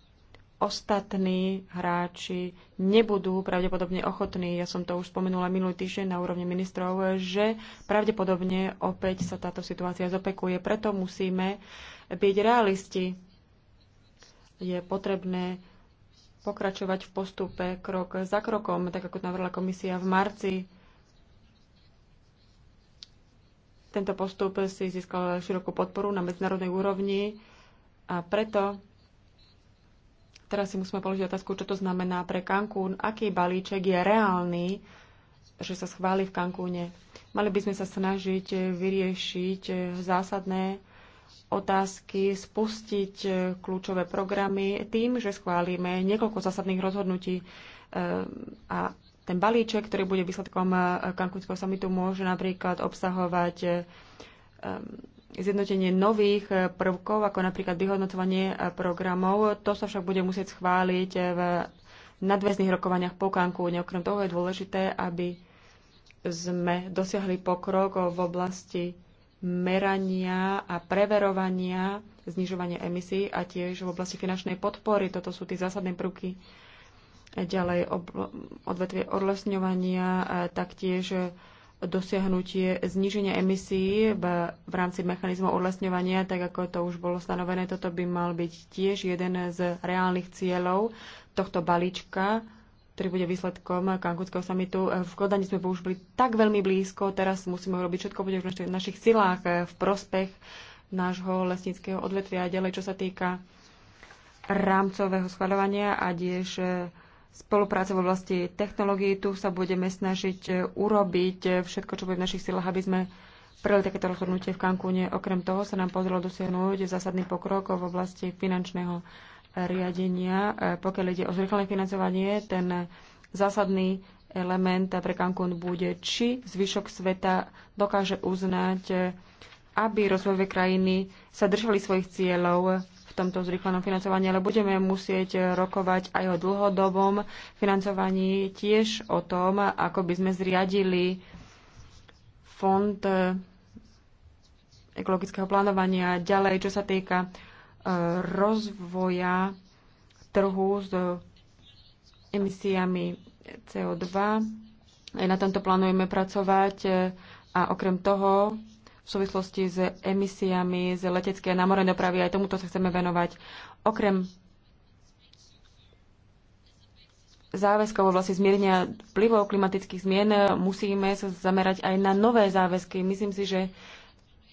ostatní hráči nebudú pravdepodobne ochotní. Ja som to už spomenula minulý týždeň na úrovni ministrov, že pravdepodobne opäť sa táto situácia zopekuje. Preto musíme byť realisti. Je potrebné pokračovať v postupe krok za krokom, tak ako navrhla komisia v marci. Tento postup si získal širokú podporu na medzinárodnej úrovni a preto teraz si musíme položiť otázku, čo to znamená pre Cancún, aký balíček je reálny, že sa schváli v Cancúne. Mali by sme sa snažiť vyriešiť zásadné otázky, spustiť e, kľúčové programy tým, že schválime niekoľko zásadných rozhodnutí e, a ten balíček, ktorý bude výsledkom e, Kankunského samitu, môže napríklad obsahovať zjednotenie nových prvkov, ako napríklad vyhodnocovanie programov. To sa však bude musieť schváliť v nadväzných rokovaniach po Cancúne. Okrem toho je dôležité, aby sme dosiahli pokrok v oblasti merania a preverovania znižovania emisí a tiež v oblasti finančnej podpory. Toto sú tie zásadné prvky. Ďalej odvetvie odlesňovania, taktiež dosiahnutie zníženia emisí v rámci mechanizmu odlesňovania, tak ako to už bolo stanovené, toto by mal byť tiež jeden z reálnych cieľov tohto balíčka ktorý bude výsledkom Kankunského samitu. V Kodani sme už boli tak veľmi blízko, teraz musíme urobiť všetko, bude v našich silách eh, v prospech nášho lesníckého odvetvia a ďalej, čo sa týka rámcového schvaľovania a tiež eh, spolupráce v oblasti technológií. Tu sa budeme snažiť eh, urobiť všetko, čo bude v našich silách, aby sme preli takéto rozhodnutie v Kankúne. Okrem toho sa nám podarilo dosiahnuť zásadný pokrok v oblasti finančného riadenia. E, pokiaľ ide o zrychlené financovanie, ten zásadný element pre Cancún bude, či zvyšok sveta dokáže uznať, e, aby rozvojové krajiny sa držali svojich cieľov v tomto zrychlenom financovaní, ale budeme musieť rokovať aj o dlhodobom financovaní, tiež o tom, ako by sme zriadili fond e, ekologického plánovania. Ďalej, čo sa týka rozvoja trhu s emisiami CO2. Aj na tomto plánujeme pracovať a okrem toho v súvislosti s emisiami z letecké a námorné dopravy aj tomuto sa chceme venovať. Okrem záväzkov v vlastne zmierenia vplyvov klimatických zmien musíme sa zamerať aj na nové záväzky. Myslím si, že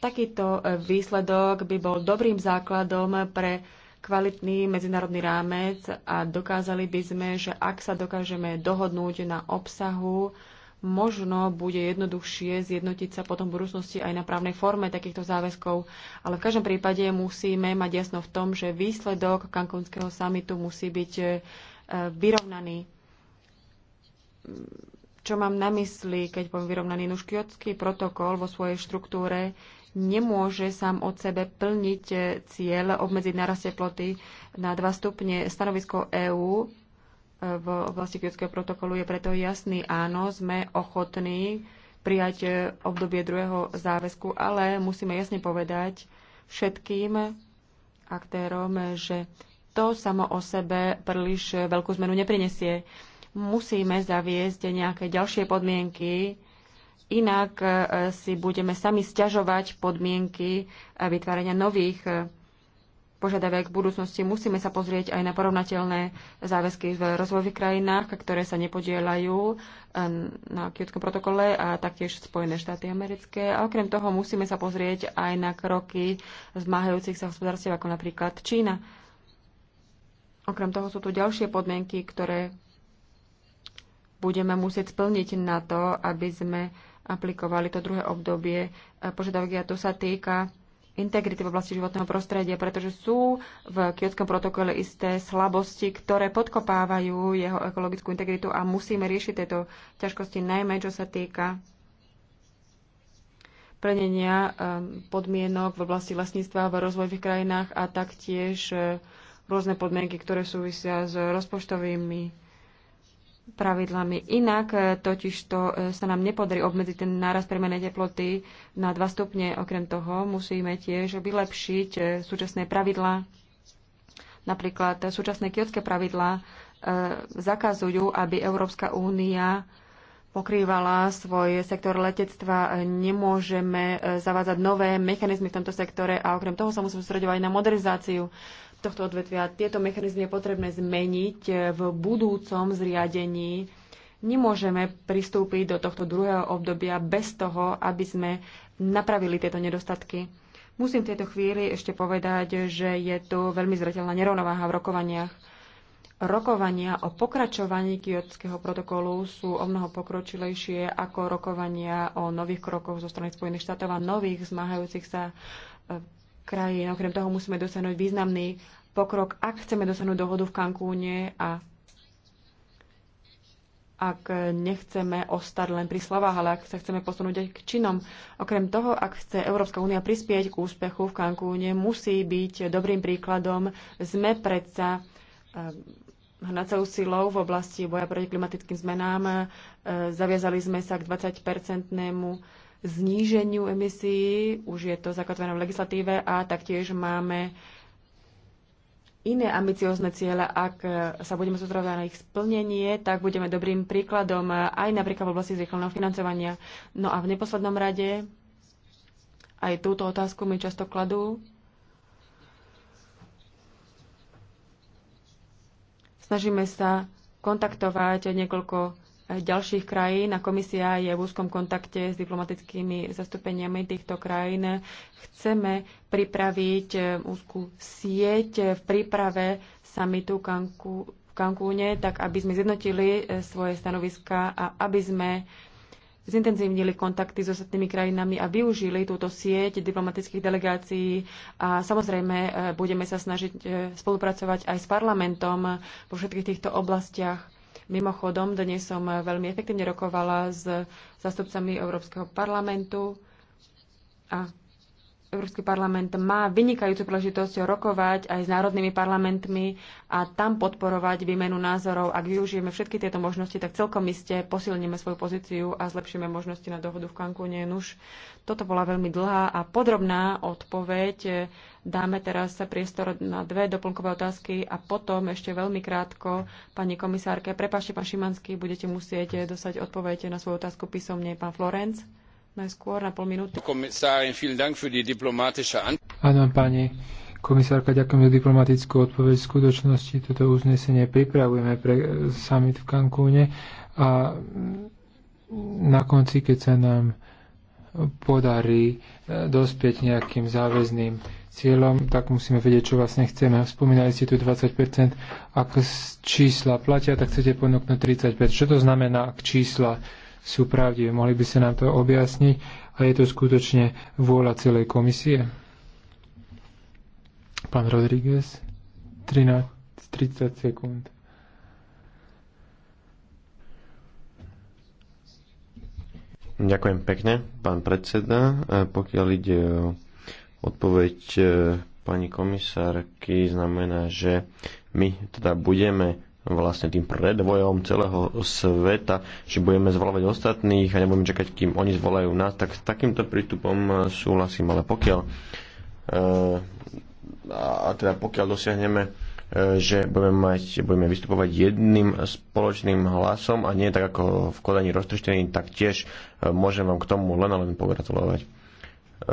Takýto e, výsledok by bol dobrým základom pre kvalitný medzinárodný rámec a dokázali by sme, že ak sa dokážeme dohodnúť na obsahu, možno bude jednoduchšie zjednotiť sa potom v budúcnosti aj na právnej forme takýchto záväzkov. Ale v každom prípade musíme mať jasno v tom, že výsledok Cancúnského samitu musí byť e, vyrovnaný. Čo mám na mysli, keď poviem vyrovnaný? Nuškiotský protokol vo svojej štruktúre nemôže sám od sebe plniť e, cieľ obmedziť narastie ploty na 2 stupne. Stanovisko EÚ e, v oblasti Kyotského protokolu je preto jasný. Áno, sme ochotní prijať e, obdobie druhého záväzku, ale musíme jasne povedať všetkým aktérom, že to samo o sebe príliš veľkú zmenu neprinesie. Musíme zaviesť nejaké ďalšie podmienky, Inak e, si budeme sami stiažovať podmienky e, vytvárania nových e, požiadaviek v budúcnosti. Musíme sa pozrieť aj na porovnateľné záväzky v rozvojových krajinách, ktoré sa nepodielajú na Kyotskom protokole a taktiež Spojené štáty americké. A okrem toho musíme sa pozrieť aj na kroky zmáhajúcich sa hospodárstiev, ako napríklad Čína. Okrem toho sú tu ďalšie podmienky, ktoré budeme musieť splniť na to, aby sme aplikovali to druhé obdobie e, požiadavky a to sa týka integrity v oblasti životného prostredia, pretože sú v kiotskom protokole isté slabosti, ktoré podkopávajú jeho ekologickú integritu a musíme riešiť tieto ťažkosti, najmä čo sa týka plnenia e, podmienok v oblasti vlastníctva v rozvojových krajinách a taktiež e, rôzne podmienky, ktoré súvisia s rozpočtovými pravidlami. Inak e, totiž to e, sa nám nepodarí obmedziť ten náraz premenej teploty na 2 stupne. Okrem toho musíme tiež vylepšiť e, súčasné pravidlá. Napríklad súčasné kiotské pravidlá zakazujú, aby Európska únia pokrývala svoj sektor letectva. Nemôžeme zavádzať nové mechanizmy v tomto sektore a okrem toho sa musíme sredovať na modernizáciu tohto odvetvia. Tieto mechanizmy je potrebné zmeniť e, v budúcom zriadení. Nemôžeme pristúpiť do tohto druhého obdobia bez toho, aby sme napravili tieto nedostatky. Musím v tejto chvíli ešte povedať, že je tu veľmi zretelná nerovnováha v rokovaniach. Rokovania o pokračovaní kiotského protokolu sú o mnoho pokročilejšie ako rokovania o nových krokoch zo strany Spojených štátov a nových zmáhajúcich sa e, krajín. Okrem toho musíme dosiahnuť významný pokrok, ak chceme dosiahnuť dohodu v Kankúne a ak nechceme ostať len pri slovách, ale ak sa chceme posunúť aj k činom. Okrem toho, ak chce Európska únia prispieť k úspechu v Kankúne, musí byť dobrým príkladom. Sme predsa hnacou ehm, silou v oblasti boja proti klimatickým zmenám. Ehm, zaviazali sme sa k 20-percentnému zníženiu emisí, už je to zakotvené v legislatíve a taktiež máme iné ambiciozne ciele, ak sa budeme sústredovať na ich splnenie, tak budeme dobrým príkladom aj napríklad v oblasti zrýchleného financovania. No a v neposlednom rade, aj túto otázku mi často kladú, snažíme sa kontaktovať niekoľko ďalších krajín a komisia je v úzkom kontakte s diplomatickými zastúpeniami týchto krajín. Chceme pripraviť eh, úzku sieť v príprave samitu Kanku, v Cancúne, tak aby sme zjednotili eh, svoje stanoviska a aby sme zintenzívnili kontakty s ostatnými krajinami a využili túto sieť diplomatických delegácií. A samozrejme, eh, budeme sa snažiť spolupracovať aj s parlamentom vo všetkých týchto oblastiach Mimochodom, dnes som veľmi efektívne rokovala s zástupcami Európskeho parlamentu a Európsky parlament má vynikajúcu príležitosť rokovať aj s národnými parlamentmi a tam podporovať výmenu názorov. Ak využijeme všetky tieto možnosti, tak celkom iste posilníme svoju pozíciu a zlepšíme možnosti na dohodu v Cancúne. Nuž, toto bola veľmi dlhá a podrobná odpoveď. Dáme teraz priestor na dve doplnkové otázky a potom ešte veľmi krátko pani komisárke. Prepašte, pán Šimanský, budete musieť dostať odpoveď na svoju otázku písomne. Pán Florenc najskôr na pol minúty. Áno, pani komisárka, ďakujem za diplomatickú odpoveď. V skutočnosti toto uznesenie pripravujeme pre summit v Cancúne a na konci, keď sa nám podarí e, dospieť nejakým záväzným cieľom, tak musíme vedieť, čo vlastne chceme. Spomínali ste tu 20%, ak čísla platia, tak chcete ponúknuť 35%. Čo to znamená, ak čísla sú pravdivé. Mohli by sa nám to objasniť a je to skutočne vôľa celej komisie? Pán Rodríguez, 13, 30 sekúnd. Ďakujem pekne, pán predseda. Pokiaľ ide o odpoveď e, pani komisárky, znamená, že my teda budeme vlastne tým predvojom celého sveta, že budeme zvolávať ostatných a nebudeme čakať, kým oni zvolajú nás, tak s takýmto prístupom súhlasím, ale pokiaľ eh, a teda pokiaľ dosiahneme eh, že budeme, mať, budeme vystupovať jedným spoločným hlasom a nie tak ako v kodaní roztreštený, tak tiež eh, môžem vám k tomu len a len pogratulovať.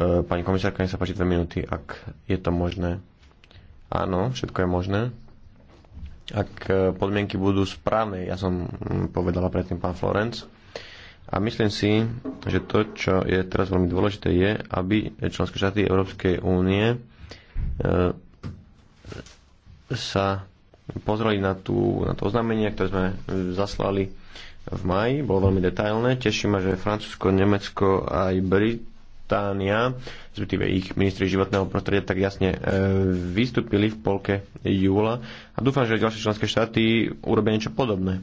Pani komisárka, nech sa páči dve minúty, ak je to možné. Áno, všetko je možné ak e, podmienky budú správne. Ja som mm, povedala predtým pán Florenc. A myslím si, že to, čo je teraz veľmi dôležité, je, aby členské štáty Európskej únie e, sa pozreli na, tú, na to oznámenie, ktoré sme e, zaslali v maji, bolo veľmi detailné. Teší ma, že Francúzsko, Nemecko aj Brit, Británia, respektíve ich ministri životného prostredia, tak jasne e, vystúpili v polke júla a dúfam, že ďalšie členské štáty urobia niečo podobné.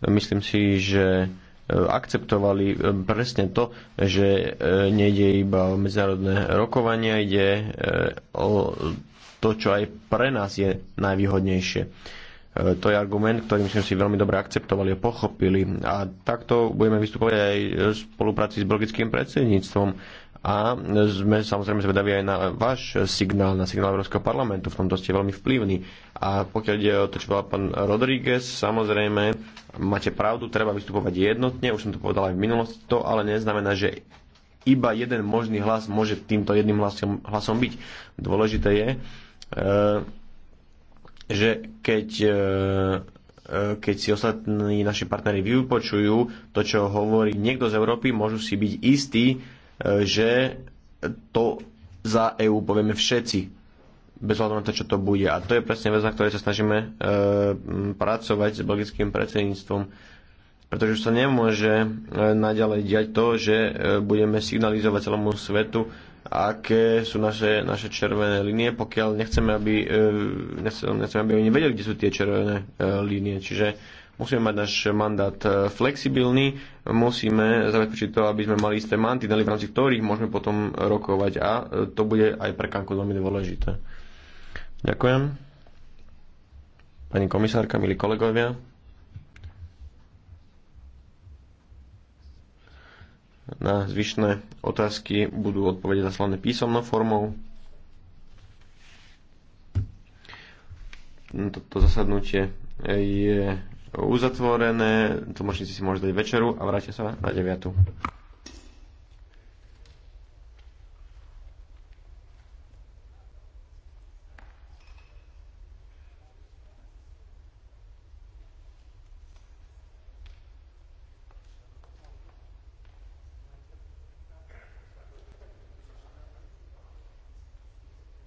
Myslím si, že e, akceptovali e, presne to, že nejde iba o medzinárodné rokovania, ide o to, čo aj pre nás je najvýhodnejšie E, to je argument, ktorý myslím si veľmi dobre akceptovali a pochopili. A takto budeme vystupovať aj v spolupráci s belgickým predsedníctvom. A sme samozrejme zvedaví aj na váš signál, na signál Európskeho parlamentu. V tomto ste veľmi vplyvní. A pokiaľ ide o to, čo povedal pán Rodríguez, samozrejme, máte pravdu, treba vystupovať jednotne, už som to povedal aj v minulosti, to ale neznamená, že iba jeden možný hlas môže týmto jedným hlasom, hlasom byť. Dôležité je, e že keď, e, e, keď si ostatní naši partnery vypočujú to, čo hovorí niekto z Európy, môžu si byť istí, e, že to za EÚ povieme všetci, bez hľadu na to, čo to bude. A to je presne vec, na ktorej sa snažíme pracovať s belgickým predsedníctvom pretože sa nemôže naďalej diať to, že budeme signalizovať celému svetu, aké sú naše, naše červené linie, pokiaľ nechceme, aby, e, nechceme, nechceme, aby oni vedeli, kde sú tie červené e, línie. Čiže musíme mať náš mandát e, flexibilný, musíme zabezpečiť to, aby sme mali isté mantinely, v rámci ktorých môžeme potom rokovať a to bude aj pre Kanku veľmi dôležité. Ďakujem. Pani komisárka, milí kolegovia. Na zvyšné otázky budú odpovede zaslané písomnou formou. Toto no, zasadnutie je uzatvorené, tlmočníci si môžete dať večeru a vrátia sa na 9.